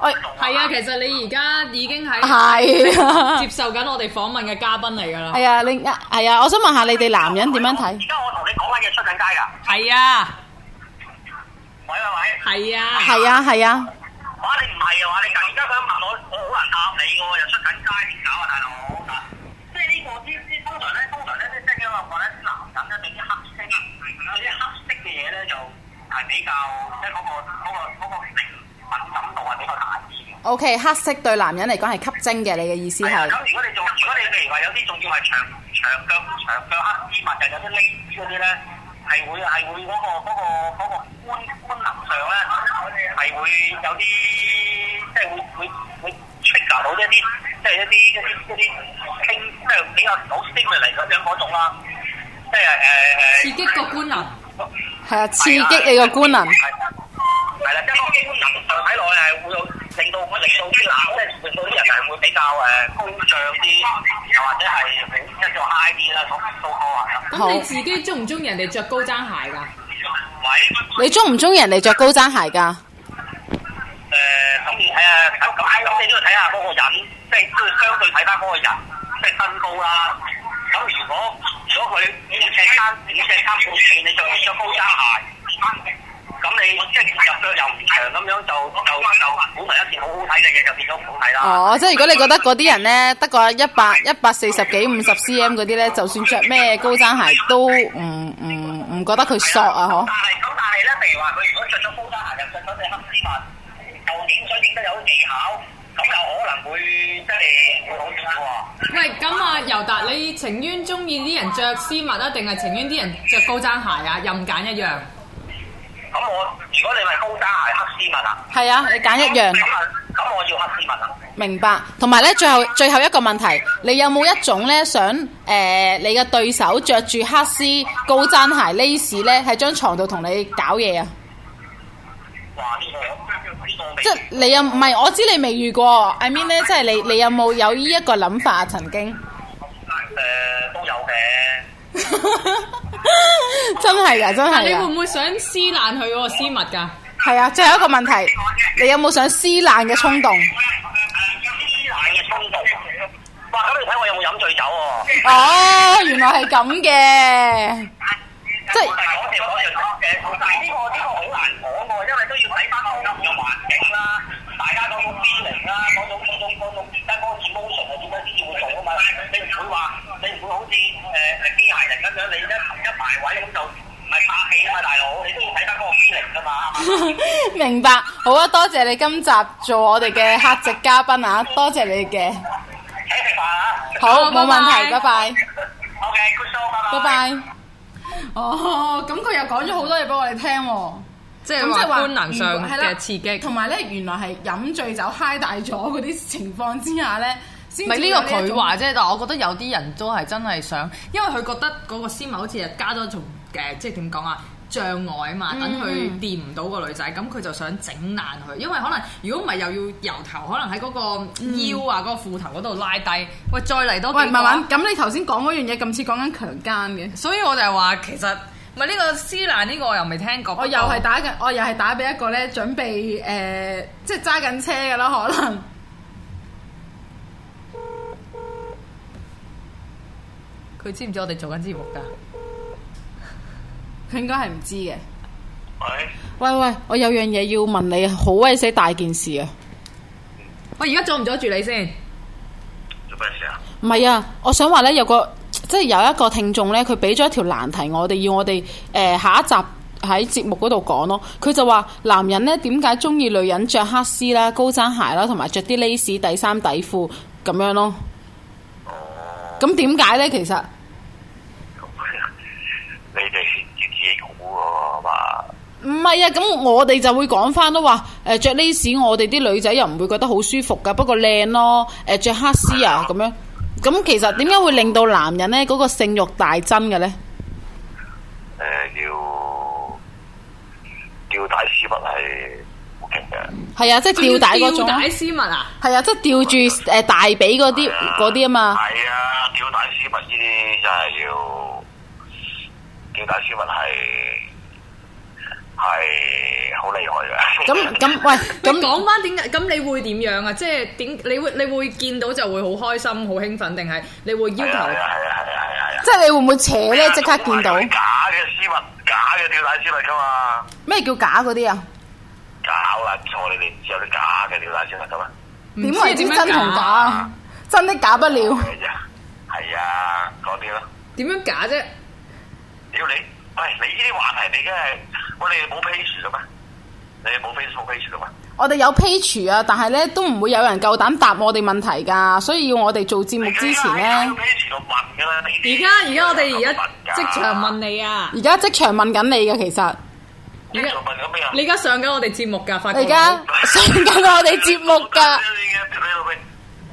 係啊，其實你而家已經係接受緊我哋訪問嘅嘉賓嚟噶啦。係啊，你係啊，我想問下你哋男人點樣睇？而家我同你講緊嘢，出緊街噶。係啊。喂喂喂。係啊。係啊係啊。哇！你唔係啊嘛？你突然間佢問我我好難答你嘅喎，又出緊街點搞啊，大佬？即係呢個之之通常咧，通常咧即係聽講話咧，啲男人咧對啲黑色、嗰啲黑色嘅嘢咧，就係比較即係嗰個嗰個嗰個性敏感。O K，黑色對男人嚟講係吸精嘅，你嘅意思係？咁如果你仲如果你譬如話有啲仲要係長長腳長腳黑絲襪，又有啲拎嗰啲咧，係會係會嗰個嗰個嗰個官官能上咧，係會有啲即係會會會 trigger 到一啲，即係一啲一啲一啲傾，即係比較好 stimulate 嗰種嗰種啦，即係誒誒。刺激個官能。係啊，刺激你個官能。係啦，即係嗰個官能上睇落嚟係會有。令到令到啲男，即係令到啲人係會比較誒高漲啲，又或者係一腳 high 啦。咁都可行。咁你自己鍾唔鍾意人哋着高踭鞋噶？Creation 喂你鍾唔鍾意人哋着高踭鞋噶？誒 ION、呃，可以睇下，咁你都要睇下嗰個人，即係即係相對睇翻嗰個人，即係身高啦。咁如果如果佢五尺三五尺三半寸，你就穿着高踭鞋。 咁你，即係著咗又唔長咁樣，就就就冇埋一件好好睇嘅嘢，就變咗唔好睇啦。哦，即係如果你覺得嗰啲人咧，得個一百一百四十幾五十 cm 嗰啲咧，就算著咩高踭鞋都唔唔唔覺得佢索啊，嗬？但係咁，但係咧，譬如話佢如果著咗高踭鞋，又著咗對黑絲襪，又影相影得有技巧，咁又可能會即係會好啲嘅喎。喂，咁啊，尤達，你情願中意啲人著絲襪啊，定係情願啲人著高踭鞋啊？任揀一樣。咁我如果你係高踭鞋，黑絲襪啊，係啊，你揀一樣。咁、嗯嗯嗯嗯、我要黑絲襪啊。明白，同埋咧，最後最後一個問題，你有冇一種咧想誒、呃、你嘅對手着住黑絲高踭鞋 lace 咧喺張床度同你搞嘢啊？這個、即係你有唔係我知你未遇過，I mean 咧，即係你你有冇有呢一個諗法、啊、曾經？誒、呃、都有嘅。 真係噶嗎，真係。你會唔會想撕爛佢嗰個絲襪噶？係 啊，最後一個問題，你有冇想撕爛嘅衝動？撕爛嘅衝動。哇，咁你睇我有冇飲醉酒喎？哦，原來係咁嘅，即係、 就是。呢個呢個好難講喎，因為都要睇翻個唔同嘅環境啦。大家講到 B 零啊，講到嗰種嗰種點解 motion 啊，點解啲嘢會動啊嘛。你唔會話，你唔會好似誒係機械人咁樣，你一含一排位咁就唔係霸氣啊嘛，大佬。你都要睇返嗰個 B 零啊嘛。明白，好啊，多謝你今集做我哋嘅客席嘉賓啊，多謝你嘅。請食飯啊。好，冇問題，拜拜。OK，good show，拜拜。拜拜。哦，咁佢又講咗好多嘢俾我哋聽喎。即係話機能上嘅刺激，同埋咧原來係飲醉酒嗨大咗嗰啲情況之下咧，先。唔係呢個佢話啫，但係我覺得有啲人都係真係想，因為佢覺得嗰個絲襪好似係加多咗誒，即係點講啊障礙啊嘛，等佢掂唔到個女仔，咁佢、嗯、就想整爛佢，因為可能如果唔係又要由頭，可能喺嗰個腰啊、嗰、那個褲頭嗰度拉低，喂、啊，再嚟多。喂，慢慢。咁你頭先講嗰樣嘢咁似講緊強姦嘅，所以我就係話其實。唔係呢個思蘭呢個我又未聽過，我又係打緊，我又係打俾一個咧，準備誒、呃，即係揸緊車嘅啦，可能佢 知唔知我哋做緊節目噶？佢 應該係唔知嘅。喂喂喂，我有樣嘢要問你，好威死大件事啊！我而家阻唔阻住你先？做咩事啊？唔係啊，我想話咧有個。即係有一個聽眾呢，佢俾咗一條難題我，我哋要我哋誒、呃、下一集喺節目嗰度講咯。佢就話：男人呢，點解中意女人着黑絲啦、高踭鞋啦，同埋着啲蕾絲底衫底褲咁樣咯？咁點解呢？其實 你哋自己估嘅嘛？唔係啊，咁我哋就會講翻咯，話着著蕾絲，我哋啲女仔又唔會覺得好舒服噶，不過靚咯。誒、呃、著黑絲啊，咁樣。 咁其實點解會令到男人咧嗰個性慾大增嘅咧？誒，要吊帶絲襪係好勁嘅。係啊，即係吊帶嗰種吊帶絲襪啊！係啊，即係吊住誒大髀嗰啲嗰啲啊嘛。係啊，吊帶絲襪呢啲真係要吊帶絲襪係。係好厲害嘅。 咁咁喂， 你講翻點解？咁你會點樣啊？即係點？你會你會見到就會好開心，好興奮，定係你會要求？係啊係啊係啊係啊！即係你會唔會扯咧？即刻見到假嘅絲襪，假嘅吊帶絲襪噶嘛？咩叫假嗰啲啊？搞爛錯你哋，有啲假嘅吊帶絲襪噶嘛？點會知真同假啊？真，假啊，真的假不了。係啊係啊，嗰啲咯。點樣假啫？屌你！喂，你呢啲話題你梗係我哋冇 page 噶咩？你冇 page 冇 page 噶嘛？我哋有 page 啊，但係咧都唔會有人夠膽答我哋問題噶，所以要我哋做節目之前咧，啊，而家而家我哋而家即場問你啊，而家即場問緊你噶，啊啊，其實在在你而家上緊我哋節目噶，發而家上緊我哋節目噶。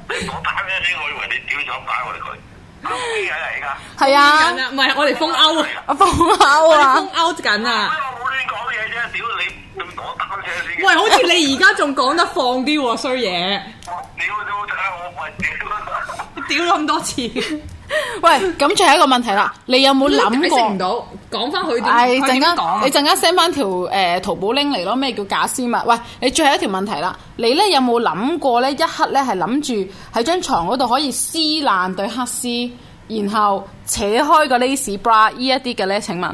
咩嘢嚟噶？係啊，唔係我哋封歐啊，封歐是啊，啊，封歐緊啊！所以我冇亂講嘢啫，屌你，仲講單車先？喂，好似你而家仲講得放啲喎、啊，衰嘢！屌你老母，我唔係屌咁多次。 喂，咁最後一個問題啦，你有冇諗過？識唔到，講翻佢點？係陣間，你陣間 send 翻條誒淘寶 link 嚟咯。咩叫假絲襪？喂，你最後一條問題啦，你咧有冇諗過咧？一刻咧係諗住喺張床嗰度可以撕爛對黑絲，然後扯開個 lace bra 依一啲嘅咧？請問，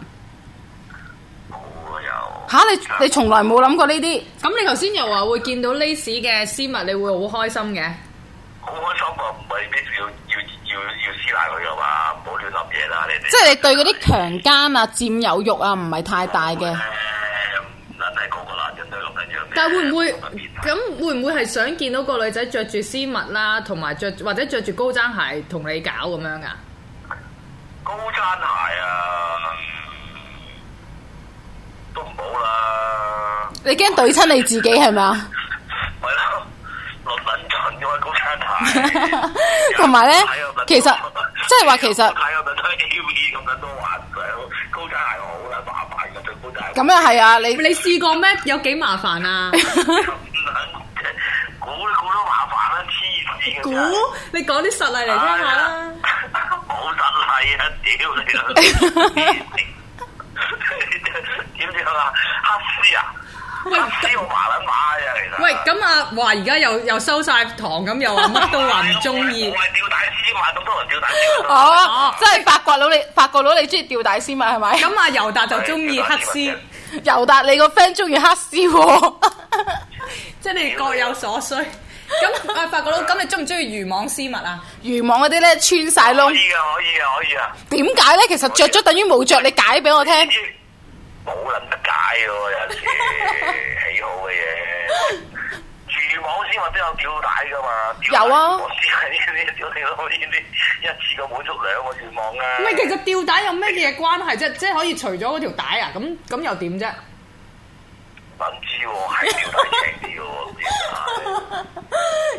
冇有啊！有吓你？有你從來冇諗過呢啲？咁你頭先又話會見到 lace 嘅絲襪，你會好開心嘅？好開心啊！唔係必要要。要要撕爛佢，又話唔好亂諗嘢啦你哋，即係你對嗰啲強奸啊、佔有欲啊唔係太大嘅。但係個個男人都諗緊咁樣嘅。但係會唔會咁會唔會係想見到個女仔着住絲襪啦，同埋着或者着住高踭鞋同你搞咁樣噶？高踭鞋啊，都唔好啦。你驚懟親你自己係咪啊？係咯，論文。要買高踭鞋，同埋咧，其實即係話其實，睇有冇得嘅 U E 咁樣都還上高踭鞋好啦，麻煩嘅對高踭鞋。咁又係啊，你你試過咩？有幾麻煩啊？咁咁多麻煩啦，黐線嘅。估你講啲實例嚟聽下啦。冇實例啊！屌你老屎！點樣啊？黑絲啊！喂，黐糊麻撚麻嘅啫，其實。喂，咁啊，話而家又又收晒糖咁，又乜都話唔中意。吊帶絲襪咁多人吊帶絲襪哦，即係發覺佬，你，發覺佬，你中意吊帶絲襪係咪？咁啊，尤達就中意黑絲。尤達你個 friend 中意黑絲喎，即係各有所需。咁啊，發覺佬，咁你中唔中意漁網絲襪啊？漁網嗰啲咧穿晒窿。可以嘅，可以啊，可以啊。點解咧？其實着咗等於冇着，你解俾我聽。冇諗得解嘅，有時喜好嘅嘢，住網先或者有吊帶噶嘛？有啊！我知呢呢呢呢呢呢，一次過滿足兩個願望啊！唔係其實吊帶有咩嘢關係啫？即係可以除咗嗰條帶啊？咁咁又點啫？唔知喎，係吊帶平啲咯？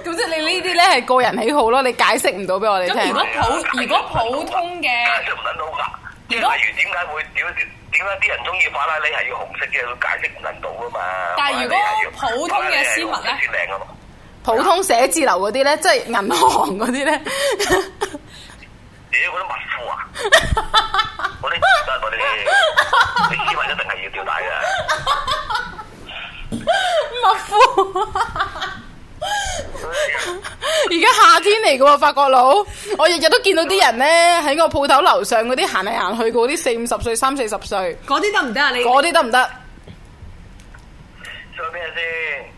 咁即係你呢啲咧係個人喜好咯？你解釋唔到俾我哋聽。咁如果普如果普通嘅，如果點解會吊？點解啲人中意法拉利係要紅色嘅？佢解釋唔到啊嘛！但係如果普通嘅絲襪咧，靚啊嘛，普通寫字樓嗰啲咧，嗎即係銀行嗰啲咧，屌嗰啲密褲啊！嗰啲、嗰啲，你以為一定係要吊帶嘅？ 密褲庫笑。而家 夏天嚟噶喎，法國佬，我日日都見到啲人呢，喺個鋪頭樓上嗰啲行嚟行去，嗰啲四五十歲、三四十歲，嗰啲得唔得啊？你嗰啲得唔得？行行做咩先？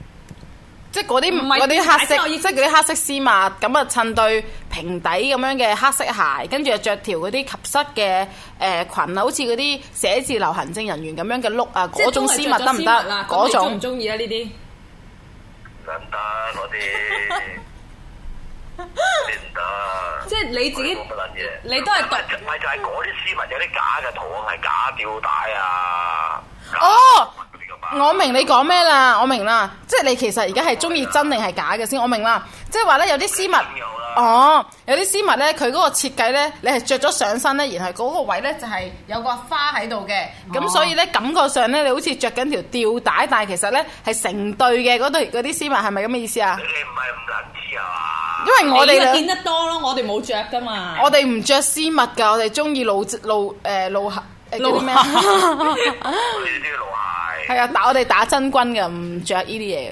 即係嗰啲嗰啲黑色，即係嗰啲黑色絲襪，咁啊襯對平底咁樣嘅黑色鞋，跟住又着條嗰啲及膝嘅誒裙啊，好似嗰啲寫字樓行政人員咁樣嘅 look< 是>，行行喜喜啊，嗰種絲襪得唔得？嗰種鍾唔鍾意啊？呢啲？唔得，我唔得。即係你自己，你都係咪就係嗰啲絲襪有啲假嘅圖案係假吊帶啊？帶啊，哦，我，我明你講咩啦？我明啦，即係你其實而家係中意真定係假嘅先？我明啦，即係話咧有啲絲襪。哦，oh, 有啲絲襪咧，佢嗰個設計咧，你係着咗上身咧，然後嗰個位咧就係有個花喺度嘅，咁、oh. 所以咧感覺上咧你好似着緊條吊帶，但係其實咧係成對嘅嗰啲絲襪，係咪咁嘅意思啊？你唔係咁撚知啊嘛？因為我哋見得多咯，我哋冇着噶嘛。我哋唔着絲襪㗎，我哋中意露露誒露鞋。露咩？呢啲露鞋。係啊，但、네、海 我哋打真軍㗎，唔着呢啲嘢。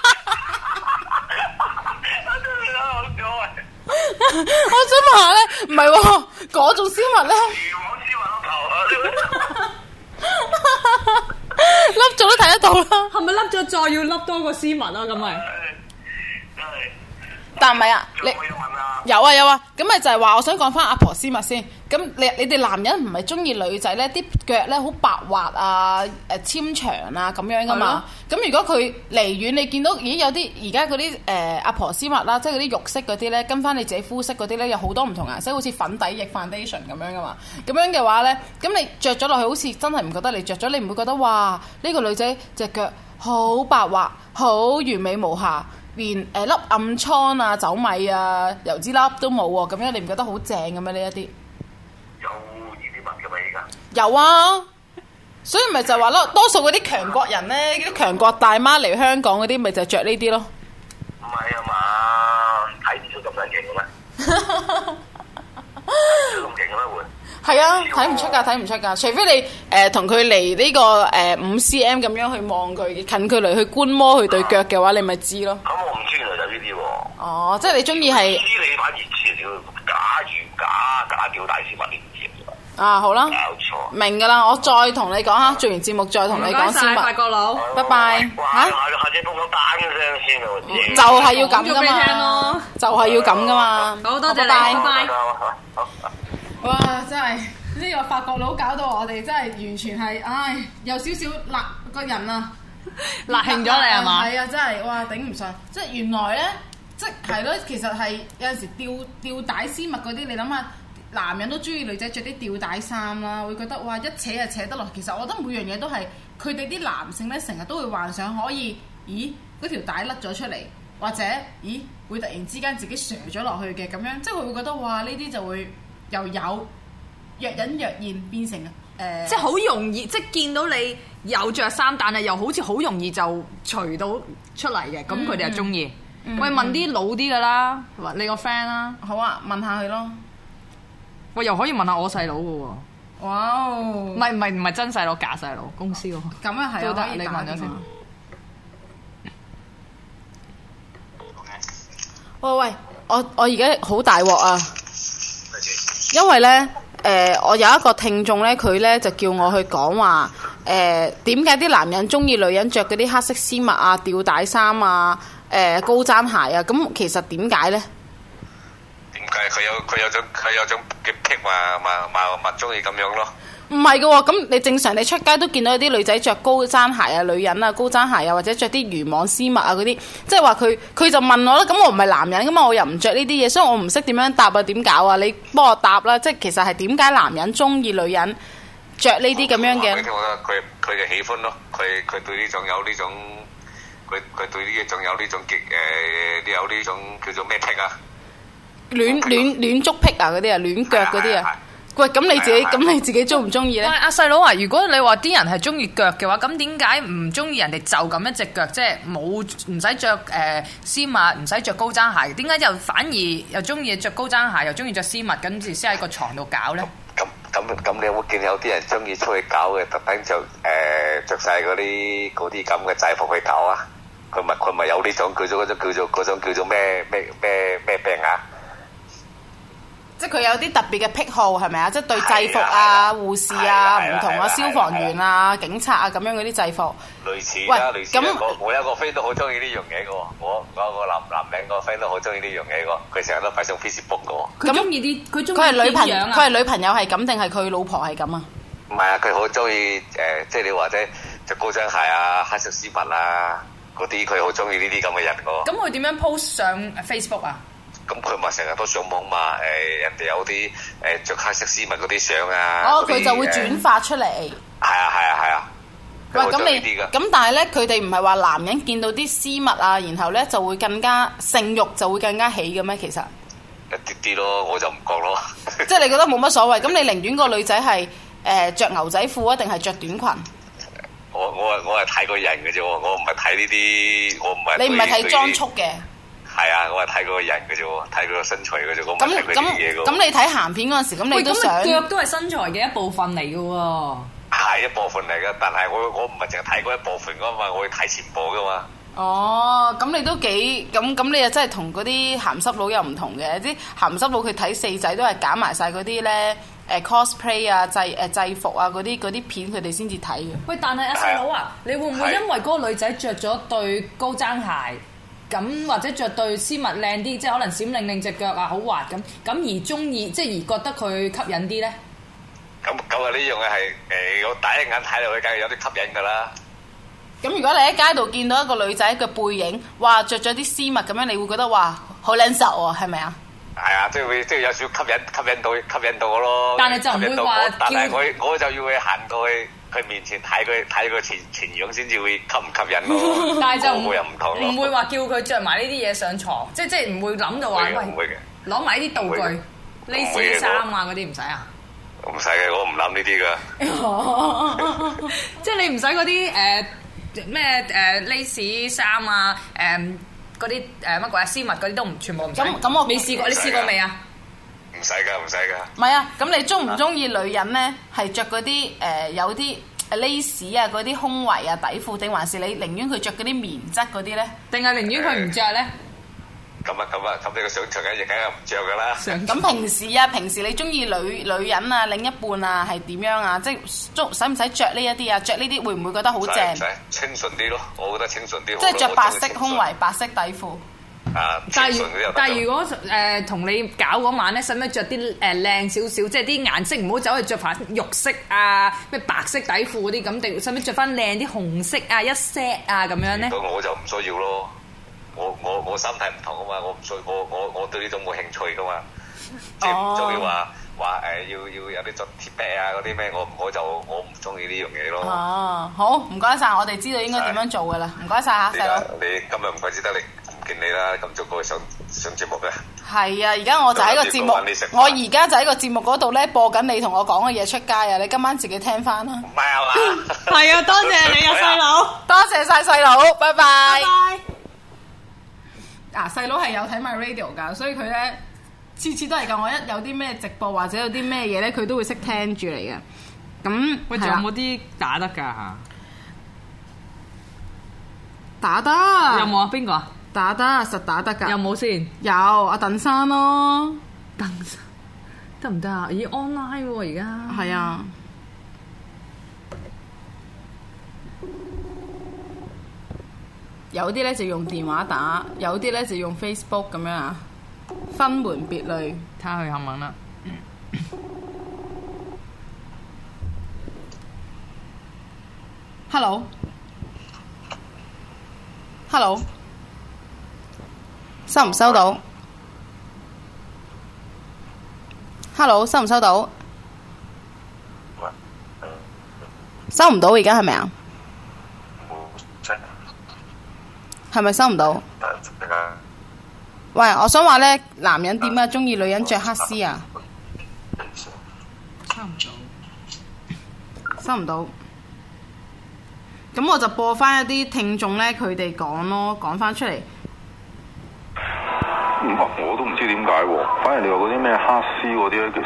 我想問下咧，唔係喎，嗰種絲襪咧，魚網絲襪都頭啊！凹咗 都睇得到啦。係咪凹咗再要凹多個絲襪啊？咁咪？ 但係咪、啊、你有啊有啊，咁咪、啊、就係話我想講翻阿婆絲襪先。咁你你哋男人唔係中意女仔呢啲腳呢好白滑啊，誒、啊、纖長啊咁樣噶嘛。咁的如果佢離遠你見到，咦，有啲而家嗰啲誒阿婆絲襪啦，即係嗰啲肉色嗰啲呢，跟翻你自己膚色嗰啲呢，有好多唔同顏色，好似粉底液 foundation 咁樣噶嘛。咁 樣嘅話呢，咁你着咗落去好似真係唔覺得你着咗，你唔會覺得哇，呢個女仔隻腳好白滑，好完美無瑕。連誒粒暗瘡啊、酒米啊、油脂粒都冇喎，咁樣你唔覺得好正嘅咩？呢一啲有熱天物嘅嘛？依家有啊，所以咪就係話咯，多數嗰啲強國人咧，嗰啲強國大媽嚟香港嗰啲，咪就著呢啲咯。唔係啊嘛，睇唔出咁鬼勁嘅咩？都咁勁嘅咩會？係啊，睇唔出噶，睇唔出噶，除非你誒同佢離呢個誒五 cm 咁樣去望佢，近距離去觀摩佢對腳嘅話，你咪知咯。咁我唔知原來就呢啲喎。哦，即係你中意係。唔知你反而知，要假如假假叫大師問你唔知。啊，好啦。冇錯。明㗎啦，我再同你講嚇，做完節目再同你講先。唔該曬，拜個佬。拜拜。嚇！下下節播咗單聲先㗎喎。就係要咁㗎嘛。就係要咁㗎嘛。好多謝你。拜拜。哇！真係呢個法國佬搞到我哋真係完全係，唉，有少少辣個人啊，辣興咗你係嘛？係啊，真係哇，頂唔順！即係原來呢，即係係咯，其實係有陣時吊吊帶絲襪嗰啲，你諗下，男人都中意女仔着啲吊帶衫啦，會覺得哇，一扯就扯得落。其實我覺得每樣嘢都係，佢哋啲男性呢，成日都會幻想可以，咦，嗰條帶甩咗出嚟，或者咦，會突然之間自己錫咗落去嘅咁樣，即係佢會覺得哇，呢啲就會。又有若隱若現變成誒，即係好容易，即係見到你有著衫，但係又好似好容易就除到出嚟嘅，咁佢哋又中意。喂，問啲老啲㗎啦，話你個 friend 啦，好啊，問下佢咯。喂，又可以問下我細佬㗎喎。哇哦！唔係唔係唔係，真細佬，假細佬，公司嘅。咁樣係，都得你問咗先。喂喂，我我而家好大鑊啊！因為呢，誒、呃，我有一個聽眾呢，佢呢就叫我去講話，誒、呃，點解啲男人中意女人着嗰啲黑色絲襪啊、吊帶衫啊、誒、呃、高踭鞋啊？咁其實點解呢？點解佢有佢有種佢有種嘅癖嘛？嘛嘛中意咁樣咯。唔係嘅喎，咁你正常你出街都見到有啲女仔着高踭鞋啊，女人啊，高踭鞋啊，或者着啲魚網絲襪啊嗰啲，即係話佢佢就問我啦：「咁我唔係男人嘛，咁啊我又唔着呢啲嘢，所以我唔識點樣搭啊，點搞啊？你幫我搭啦，即係其實係點解男人中意女人着呢啲咁樣嘅？我覺得佢佢就喜歡咯，佢佢對呢種有呢種，佢佢對呢種有呢種極誒、呃，有呢種叫做咩癖啊？戀戀戀足癖啊嗰啲啊，戀腳嗰啲啊。戴竹癖喂，咁你自己咁你自己中唔中意咧？喂，阿細佬話：如果你話啲人係中意腳嘅話，咁點解唔中意人哋就咁一隻腳，即係冇唔使着誒絲襪，唔使着高踭鞋？點解又反而又中意着高踭鞋，又中意着絲襪，跟住先喺個床度搞咧？咁咁咁，你有冇見有啲人中意出去搞嘅？特登着誒着晒嗰啲嗰啲咁嘅制服去搞啊？佢咪佢咪有呢種叫做嗰種叫做嗰種叫做咩咩咩咩病啊？即係佢有啲特別嘅癖好係咪啊？即係對制服啊、護士啊、唔同啊、消防員啊、警察啊咁樣嗰啲制服。類似，咁我有一個 friend 都好中意呢樣嘢嘅喎，我我個男男名個 friend 都好中意呢樣嘢嘅，佢成日都擺上 Facebook 嘅喎。佢中意啲，佢中佢係女朋友，佢係女朋友係咁定係佢老婆係咁啊？唔係啊，佢好中意誒，即係你話者，著高踭鞋啊、黑色絲襪啊嗰啲，佢好中意呢啲咁嘅人嘅。咁佢點樣 post 上 Facebook 啊？咁佢咪成日都上網嘛？誒人哋有啲誒着黑色絲襪嗰啲相啊，哦，佢些就會轉發出嚟。係啊，係啊，係啊。啊喂，咁你咁但係咧，佢哋唔係話男人見到啲絲襪啊，然後咧就會更加性慾就會更加起嘅咩？其實一啲啲咯，我就唔覺咯。即 係你覺得冇乜所謂，咁你寧願個女仔係誒着牛仔褲啊，定係着短裙？我我係我係睇個人嘅啫，我唔係睇呢啲，我唔係你唔係睇裝束嘅。些 係啊，我係睇嗰個人嘅啫，睇嗰個身材嘅啫，我唔睇佢啲嘢嘅。咁咁咁，你睇鹹片嗰陣時，咁你都想？咁腳都係身材嘅一部分嚟嘅喎。係一部分嚟嘅，但係我我唔係淨係睇嗰一部分噶嘛，我會睇前部噶嘛。哦，咁你都幾咁咁，你又真係同嗰啲鹹濕佬又唔同嘅。啲鹹濕佬佢睇四仔都係揀埋晒嗰啲咧，誒、呃、cosplay 啊，制誒、呃、制服啊，嗰啲啲片佢哋先至睇嘅。喂，但係阿細佬啊，你會唔會因為嗰個女仔着咗對高踭鞋？咁或者着對絲襪靚啲，即係可能閃令令隻腳啊，好滑咁。咁而鍾意，即係而覺得佢吸引啲咧。咁咁啊，呢樣嘢係誒，我第一眼睇落去梗係有啲吸引㗎啦。咁如果你喺街度見到一個女仔嘅背影，哇，着咗啲絲襪咁樣，你會覺得哇，好靚熟喎，係咪啊？係啊，即係會即係有少吸引，吸引到，吸引到我咯。但係就唔會話，但係我，我就要去行過去佢面前睇佢，睇佢前前樣先至會吸唔吸引咯。但係就唔會又唔同咯，唔會話叫佢着埋呢啲嘢上床，即係即係唔會諗就話唔會嘅，攞埋啲道具 lace 衫啊，嗰啲唔使啊？唔使嘅，我唔諗呢啲噶。即係你唔使嗰啲誒咩誒 lace 衫啊誒。嗰啲誒乜鬼絲襪嗰啲都唔，全部唔使。咁，咁我未試過，你試過未啊？唔使㗎，唔使㗎。唔係啊，咁你中唔中意女人咧？係着嗰啲誒有啲 lace 啊，嗰啲胸圍啊，底褲，定還是你寧願佢着嗰啲棉質嗰啲咧？定係寧願佢唔着咧？嗯咁啊咁啊咁！你個上場緊，你梗係唔着噶啦。咁平時啊，平時你中意女女人啊，另一半啊，係點樣啊？即係著使唔使著呢一啲啊？著呢啲會唔會覺得好正？唔使清純啲咯，我覺得清純啲。即係著白色胸圍、白色底褲。啊！但係如但係如果誒同你搞嗰晚咧，使唔使著啲誒靚少少？即係啲顏色唔好走去著翻肉色啊，咩白色底褲嗰啲咁定？使唔使著翻靚啲紅色啊、一 set 啊咁樣咧？咁我就唔需要咯。我我我心態唔同啊嘛，我唔對我我我對呢種冇興趣噶嘛，即係唔中意話話誒要要有啲做鐵餅啊嗰啲咩，我我就我唔中意呢樣嘢咯。哦，好，唔該曬，我哋知道應該點樣做噶啦，唔該曬嚇細佬。你今日唔怪之得你唔見你啦，咁過去上上節目嘅。係啊，而家我就喺個節目，我而家就喺個節目嗰度咧播緊你同我講嘅嘢出街啊！你今晚自己聽翻啦。唔係啊嘛。係啊，多謝你啊，細佬。多謝曬細佬，拜拜。拜。啊，細佬係有睇 my radio 噶，所以佢咧次次都係咁。我一有啲咩直播或者有啲咩嘢咧，佢都會識聽住嚟嘅。咁，喂，仲、啊、有冇啲打得噶嚇？打得有冇啊？邊個、哦、啊？打得實打得㗎。有冇先？有阿鄧生咯。鄧生得唔得啊？咦，online 喎而家。係啊。有啲咧就用電話打，有啲咧就用 Facebook 咁樣啊，分門別類。睇下佢去喊問啦。Hello，Hello， Hello? 收唔收到 ？Hello，收唔收到？收唔到，而家係咪啊？係咪收唔到？喂，我想話咧，男人點但啊，中意女人着黑絲啊？收唔到，收唔到。咁、 嗯、我就播翻一啲聽眾咧，佢哋講咯，講翻出嚟。唔、嗯、我都唔知點解。反而你話嗰啲咩黑絲嗰啲咧，其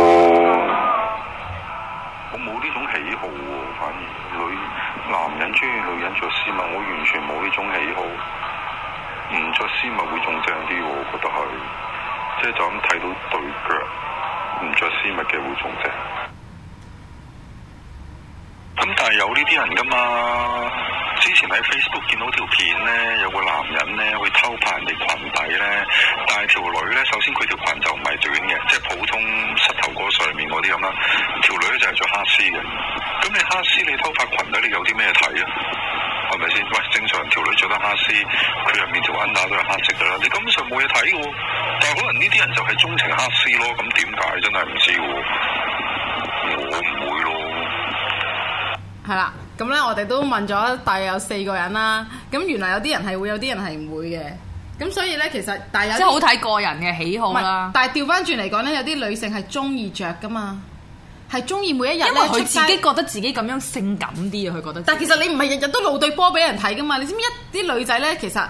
實着絲襪，我完全冇呢種喜好。唔着絲襪會仲正啲喎，我覺得係，即係就咁、是、睇到對腳，唔着絲襪嘅會仲正。咁、嗯、但係有呢啲人噶嘛？之前喺 Facebook 見到條片咧，有個男人咧會偷拍人哋裙底咧，但係條女咧，首先佢條裙就唔係短嘅，即、就、係、是、普通膝頭哥上面嗰啲咁啦。條女咧就係着黑絲嘅。咁你黑絲你偷拍裙底，你有啲咩睇啊？係咪先？喂，正常條女著得黑絲，佢入面條 under 都係黑色噶啦。你根本上冇嘢睇嘅，但係可能呢啲人就係鍾情黑絲咯。咁點解？真係唔知喎。我唔會咯。係啦，咁咧我哋都問咗大約有四個人啦。咁原來有啲人係會，有啲人係唔會嘅。咁所以咧，其實但係有即係好睇個人嘅喜好啦。但係調翻轉嚟講咧，有啲女性係中意著噶嘛。係中意每一日咧，因為佢，自己覺得自己咁樣 性感啲啊！佢覺得，但係其實你唔係日日都露對波俾人睇噶嘛？你知唔知一啲女仔咧其實？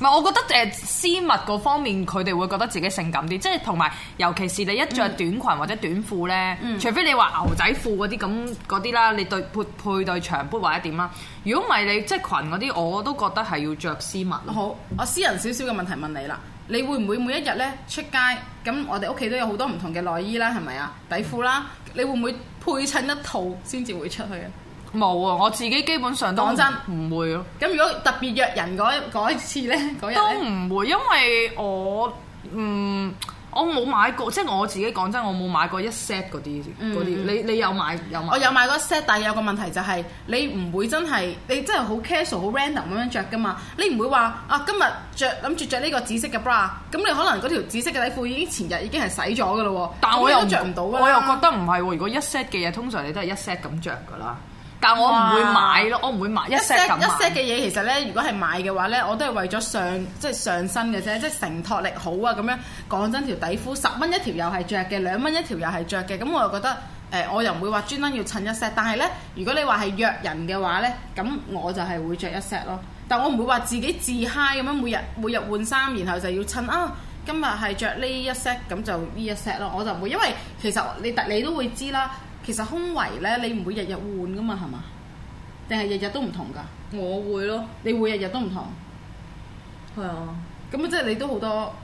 唔係，我覺得誒絲襪嗰方面，佢哋會覺得自己性感啲，即係同埋，尤其是你一着短裙或者短褲咧，嗯、除非你話牛仔褲嗰啲咁嗰啲啦，你對配配對長褲或者點啦。如果唔係你即係裙嗰啲，我都覺得係要着絲襪。好，我私人少少嘅問題問你啦，你會唔會每一日咧出街？咁我哋屋企都有好多唔同嘅內衣啦，係咪啊？底褲啦，你會唔會配襯一套先至會出去啊？冇啊！我自己基本上都講真唔會咯。咁如果特別約人嗰一次呢，嗰日 呢都唔會，因為我唔、嗯、我冇買過，即、就、係、是、我自己講真，我冇買過一 set 嗰啲啲。你你有買有買？我有買過一 set，但係有個問題就係、是、你唔會真係你真係好 casual、好 random 咁樣着噶嘛？你唔會話啊今日着，諗住着呢個紫色嘅 bra，咁你可能嗰條紫色嘅底褲已經前日已經係洗咗噶啦。但我又着唔到，我又覺得唔係喎。如果一 set 嘅嘢，通常你都係一 set 咁着噶啦。但我唔會買咯，哇我唔會買 一套 s 一 set 嘅嘢其實咧，如果係買嘅話咧，我都係為咗上即係上身嘅啫，即係承托力好啊咁樣。講真條底褲十蚊一條又係着嘅，兩蚊一條又係着嘅，咁我又覺得誒、呃，我又唔會話專登要襯一 set。但係咧，如果你話係約人嘅話咧，咁我就係會着一 set 咯。但我唔會話自己自嗨 i 咁樣，每日每日換衫，然後就要襯啊，今日係着呢一 set 咁就呢一 set 咯。我就唔會，因為其實你你都會知啦。其實胸圍咧，你唔會日日換噶嘛，係嘛？定係日日都唔同噶？我會咯，你會日日都唔同？係啊，咁即係你都好多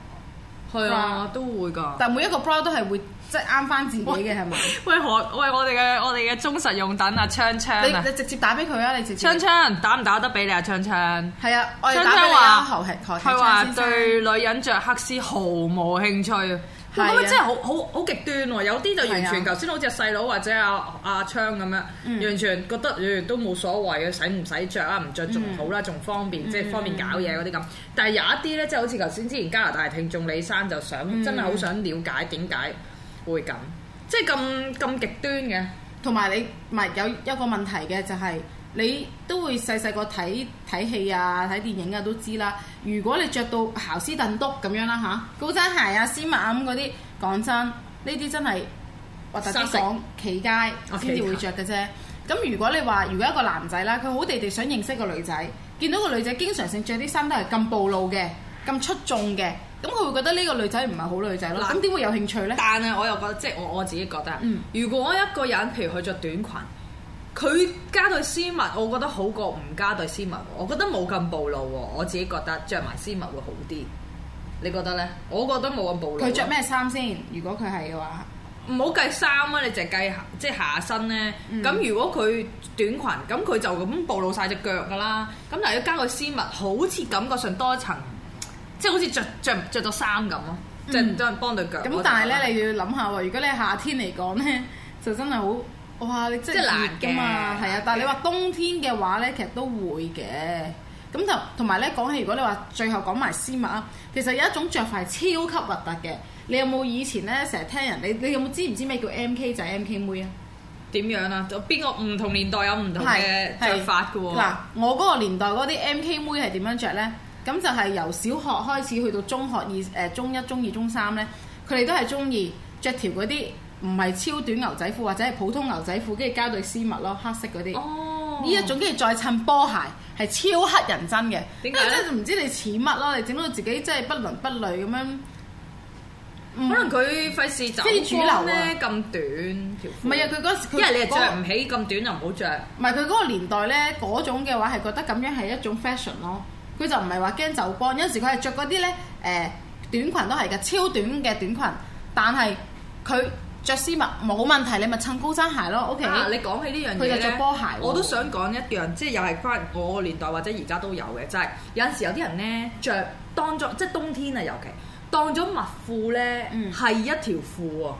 係啊，都會噶。但每一個 brow 都係會即係啱翻自己嘅，係嘛喂？喂何，喂我哋嘅我哋嘅忠實用等啊，昌昌、啊、你，你直接打俾佢啊！你直接昌昌打唔打得俾你啊？昌昌係啊，昌昌話：佢話對女人着黑絲毫無興趣。咁啊是， 真係好好好極端喎！有啲就完全頭先是的 好似細佬或者阿阿昌咁樣，嗯、完全覺得誒、呃、都冇所謂嘅，使唔使着啊？唔着仲好啦，仲、嗯、方便，嗯、即係方便搞嘢嗰啲咁。但係有一啲咧，即係好似頭先之前加拿大聽眾李生就想，嗯、真係好想了解點解會咁，即係咁咁極端嘅。同埋你咪有一個問題嘅就係、是。你都會細細個睇睇戲啊、睇電影啊，電影啊都知啦。如果你着到姣斯頓篤咁樣啦嚇、啊，高踭鞋啊、絲襪啊嗰啲，講真，呢啲真係我特登想企街先至色會着嘅啫。咁 Okay. 如果你話，如果一個男仔啦，佢好地地想認識個女仔，見到個女仔經常性着啲衫都係咁暴露嘅、咁出眾嘅，咁佢會覺得呢個女仔唔係好女仔咯。咁點那會有興趣呢？但係我又覺得，即係我我自己覺得，嗯、如果一個人譬如佢着短裙。佢加對絲襪，我覺得好過唔加對絲襪。我覺得冇咁暴露喎，我自己覺得着埋絲襪會好啲。你覺得咧？我覺得冇咁暴露。佢着咩衫先？如果佢係嘅話，唔好計衫啊！你淨係計下即係下身咧。咁、嗯、如果佢短裙，咁佢就咁暴露晒隻腳噶啦。咁但係要加對絲襪，好似感覺上多一層，即係好似着著著咗衫咁咯，即係、嗯、幫對腳。咁但係呢咧，你要諗下喎，如果你夏天嚟講咧，就真係好。哇！你真係難嘅嘛，即係熱嘅，係啊的！但係你話冬天嘅話咧，其實都會嘅。咁就同埋咧講起，如果你話最後講埋絲襪啊，其實有一種着法係超級核突嘅。你有冇以前咧成日聽人？你你有冇知唔知咩叫 M K 仔 M K 妹啊？點樣啊？就邊個唔同年代有唔同嘅著法㗎喎？嗱，我嗰個年代嗰啲 M K 妹係點樣着咧？咁就係由小學開始去到中學二誒中一、中二、中三咧，佢哋都係中意着條嗰啲。唔係超短牛仔褲或者係普通牛仔褲，跟住加對絲襪咯，黑色嗰啲。哦，呢一種跟住再襯波鞋，係超乞人憎嘅。點解咧？真係唔知你似乜咯？你整到自己真係不倫不類咁樣。可能佢費事走光啊！咁短條褲。唔係啊！佢嗰時，因為你係著唔起咁短，又唔好著。唔係佢嗰個年代咧，嗰種嘅話係覺得咁樣係一種 fashion 咯。佢就唔係話驚走光，有時佢係著嗰啲咧，誒短裙都係嘅，超短嘅短裙，但係佢。着絲襪冇問題，你咪襯高踭鞋咯。O、okay? K，、啊、你講起呢樣嘢，着波鞋我都想講一樣，即係又係翻我個年代或者而家都有嘅，即係有陣時有啲人咧着當咗，即係冬天啊，尤其當咗襪褲咧係、嗯、一條褲喎、哦。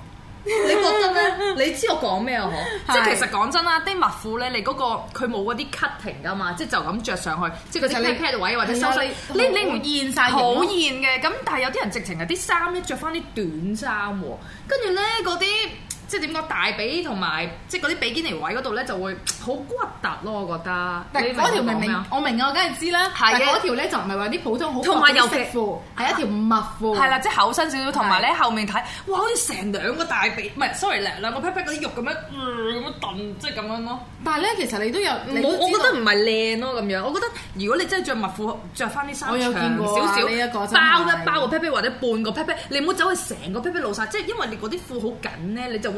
你覺得咧？你知我講咩啊？嗬是！即係其實講真啦，啲襪褲咧，你嗰、那個佢冇嗰啲 cutting 噶嘛，即係就咁着上去，即係佢就低 pair 位或者收收，你你唔現曬，好現嘅。咁但係有啲人直情係啲衫咧，着翻啲短衫喎，跟住咧嗰啲。即係點講大髀同埋即係嗰啲比堅尼條位嗰度咧就會好骨突咯，我覺得。但係嗰條明唔明啊？我明啊，我梗係知啦。係嘅，但係嗰條咧就唔係話啲普通好普通嘅褲，係一條襪褲。係啦，即係厚身少少，同埋咧後面睇，哇！好似成兩個大髀，唔係，sorry 啦，兩個屁屁嗰啲肉咁樣，咁樣燉，即係咁樣咯。但係咧，其實你都有，我我覺得唔係靚咯咁樣。我覺得如果你真係著襪褲，著翻啲衫長少少，包一包個屁屁或者半個屁屁，你唔好走去成個屁屁露曬。即係因為你嗰啲褲好緊咧，你就。會成個身、啊、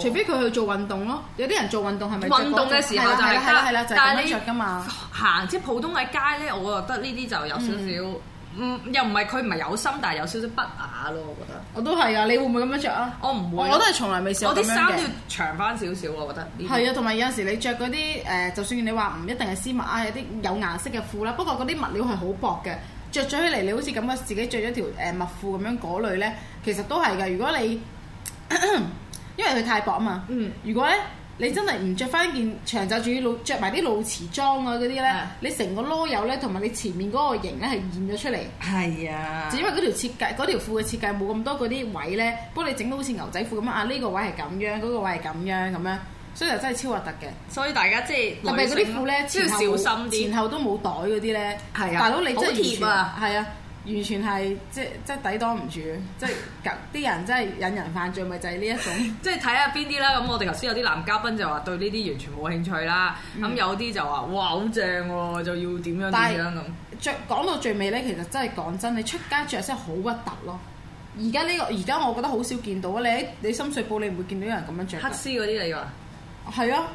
除非佢去做運動咯，有啲人做運動係咪？運動嘅時候對就係啦，係啦係啦，就係咁樣著噶嘛。行即普通嘅街咧，我覺得呢啲就有少少，嗯，嗯，又唔係佢唔係有心，但係有少少不雅咯，我覺得。我都係啊！你會唔會咁樣着、哦、啊？我唔會。我都係從來未試過啲衫都要長翻少少，我覺得。係啊，同埋有，有時你着嗰啲誒，就算你話唔一定係絲襪啊，有啲有顏色嘅褲啦，不過嗰啲物料係好薄嘅，着咗起嚟你好似感覺自己着咗條誒襪褲咁樣嗰類咧，其實都係㗎。如果你咳咳，因為佢太薄啊嘛，嗯、如果咧你真係唔着翻件長袖，仲要露着埋啲露臍裝啊嗰啲咧，嗯、你成個囉柚咧，同埋你前面嗰個型咧係現咗出嚟。係是啊，就因為嗰條設計嗰條褲嘅設計冇咁多嗰啲位咧，幫你整到好似牛仔褲咁啊！呢、這個位係咁樣，嗰、那個位係咁樣咁樣，所以就真係超核突嘅。所以大家即係特別係嗰啲褲咧，超小心啲，前後，前後都冇袋嗰啲咧。係是啊，大佬你真係甜啊，係啊。完全係即即抵擋唔住， 即係啲人真係引人犯罪，咪就係呢一種。即係睇下邊啲啦。咁我哋頭先有啲男嘉賓就話對呢啲完全冇興趣啦。咁、嗯、有啲就話哇好正喎，就要點樣點但樣咁。著講到最尾咧，其實真係講真，你出街着真係好核突咯。而家呢個而家我覺得好少見到啊。你喺你深水埗，你唔會見到有人咁樣着黑絲嗰啲，你話係啊？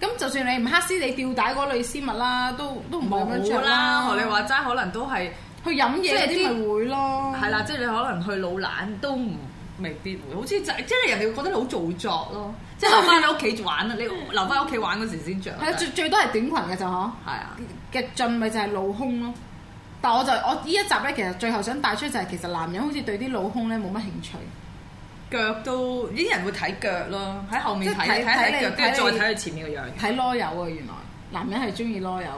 咁就算你唔黑絲，你吊帶嗰類絲襪啦，都都唔係咁樣著啦。學你話齋，可能都係。去飲嘢啲咪會咯，係啦，即係你可能去老懶都唔未必會，好似就即係人哋覺得你好做作咯，即係翻你屋企玩，你留翻屋企玩嗰時先着。係啊，最最多係短裙嘅就嗬。係啊，極盡咪就係露胸咯。但我就我呢一集咧，其實最後想帶出就係其實男人好似對啲露胸咧冇乜興趣，腳都呢啲人會睇腳咯，喺後面睇睇睇腳，跟住再睇佢前面個樣，睇囉柚啊原來，男人係中意囉柚。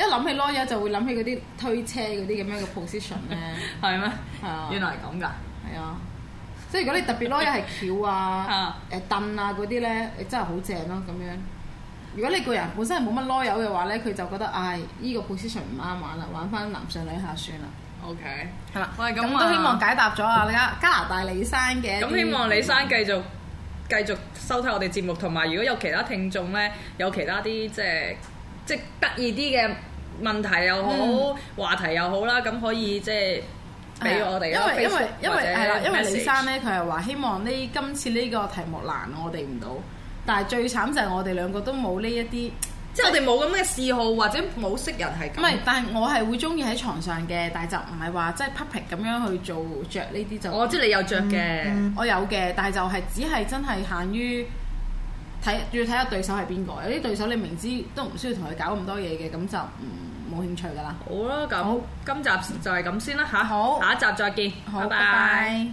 一諗起囉柚就會諗起嗰啲推車嗰啲咁樣嘅 position 咧，係咩？係啊，原來係咁㗎。係啊，即係如果你特別囉柚係橋啊、誒凳啊嗰啲咧，你真係好正咯咁樣。如果你個人本身係冇乜囉柚嘅話咧，佢就覺得唉，依個 position 唔啱玩啦，玩翻男上女下算啦。OK，係啦，我係咁都希望解答咗啊！你加加拿大李生嘅。咁希望李生繼續繼續收睇我哋節目，同埋如果有其他聽眾咧，有其他啲即係即得意啲嘅，問題又好、嗯、話題又好啦，咁可以即係俾我哋。因為 Facebook 因為者因為係啦，訊息 因為李生咧，佢係話希望呢今次呢個題目難我哋唔到，但係最慘就係我哋兩個都冇呢一啲，即係我哋冇咁嘅嗜好，或者冇識人係咁。唔係，但係我係會中意喺床上嘅，但係就唔係話即係 popping 咁樣去做著呢啲就。哦，即係你有著嘅，嗯嗯、我有嘅，但係就係只係真係限於睇要睇下對手係邊個，有啲對手你明知都唔需要同佢搞咁多嘢嘅，咁就唔。嗯冇興趣㗎啦，好啦，咁好今集就係咁先啦嚇，嗯、下好，下一集再見，拜拜。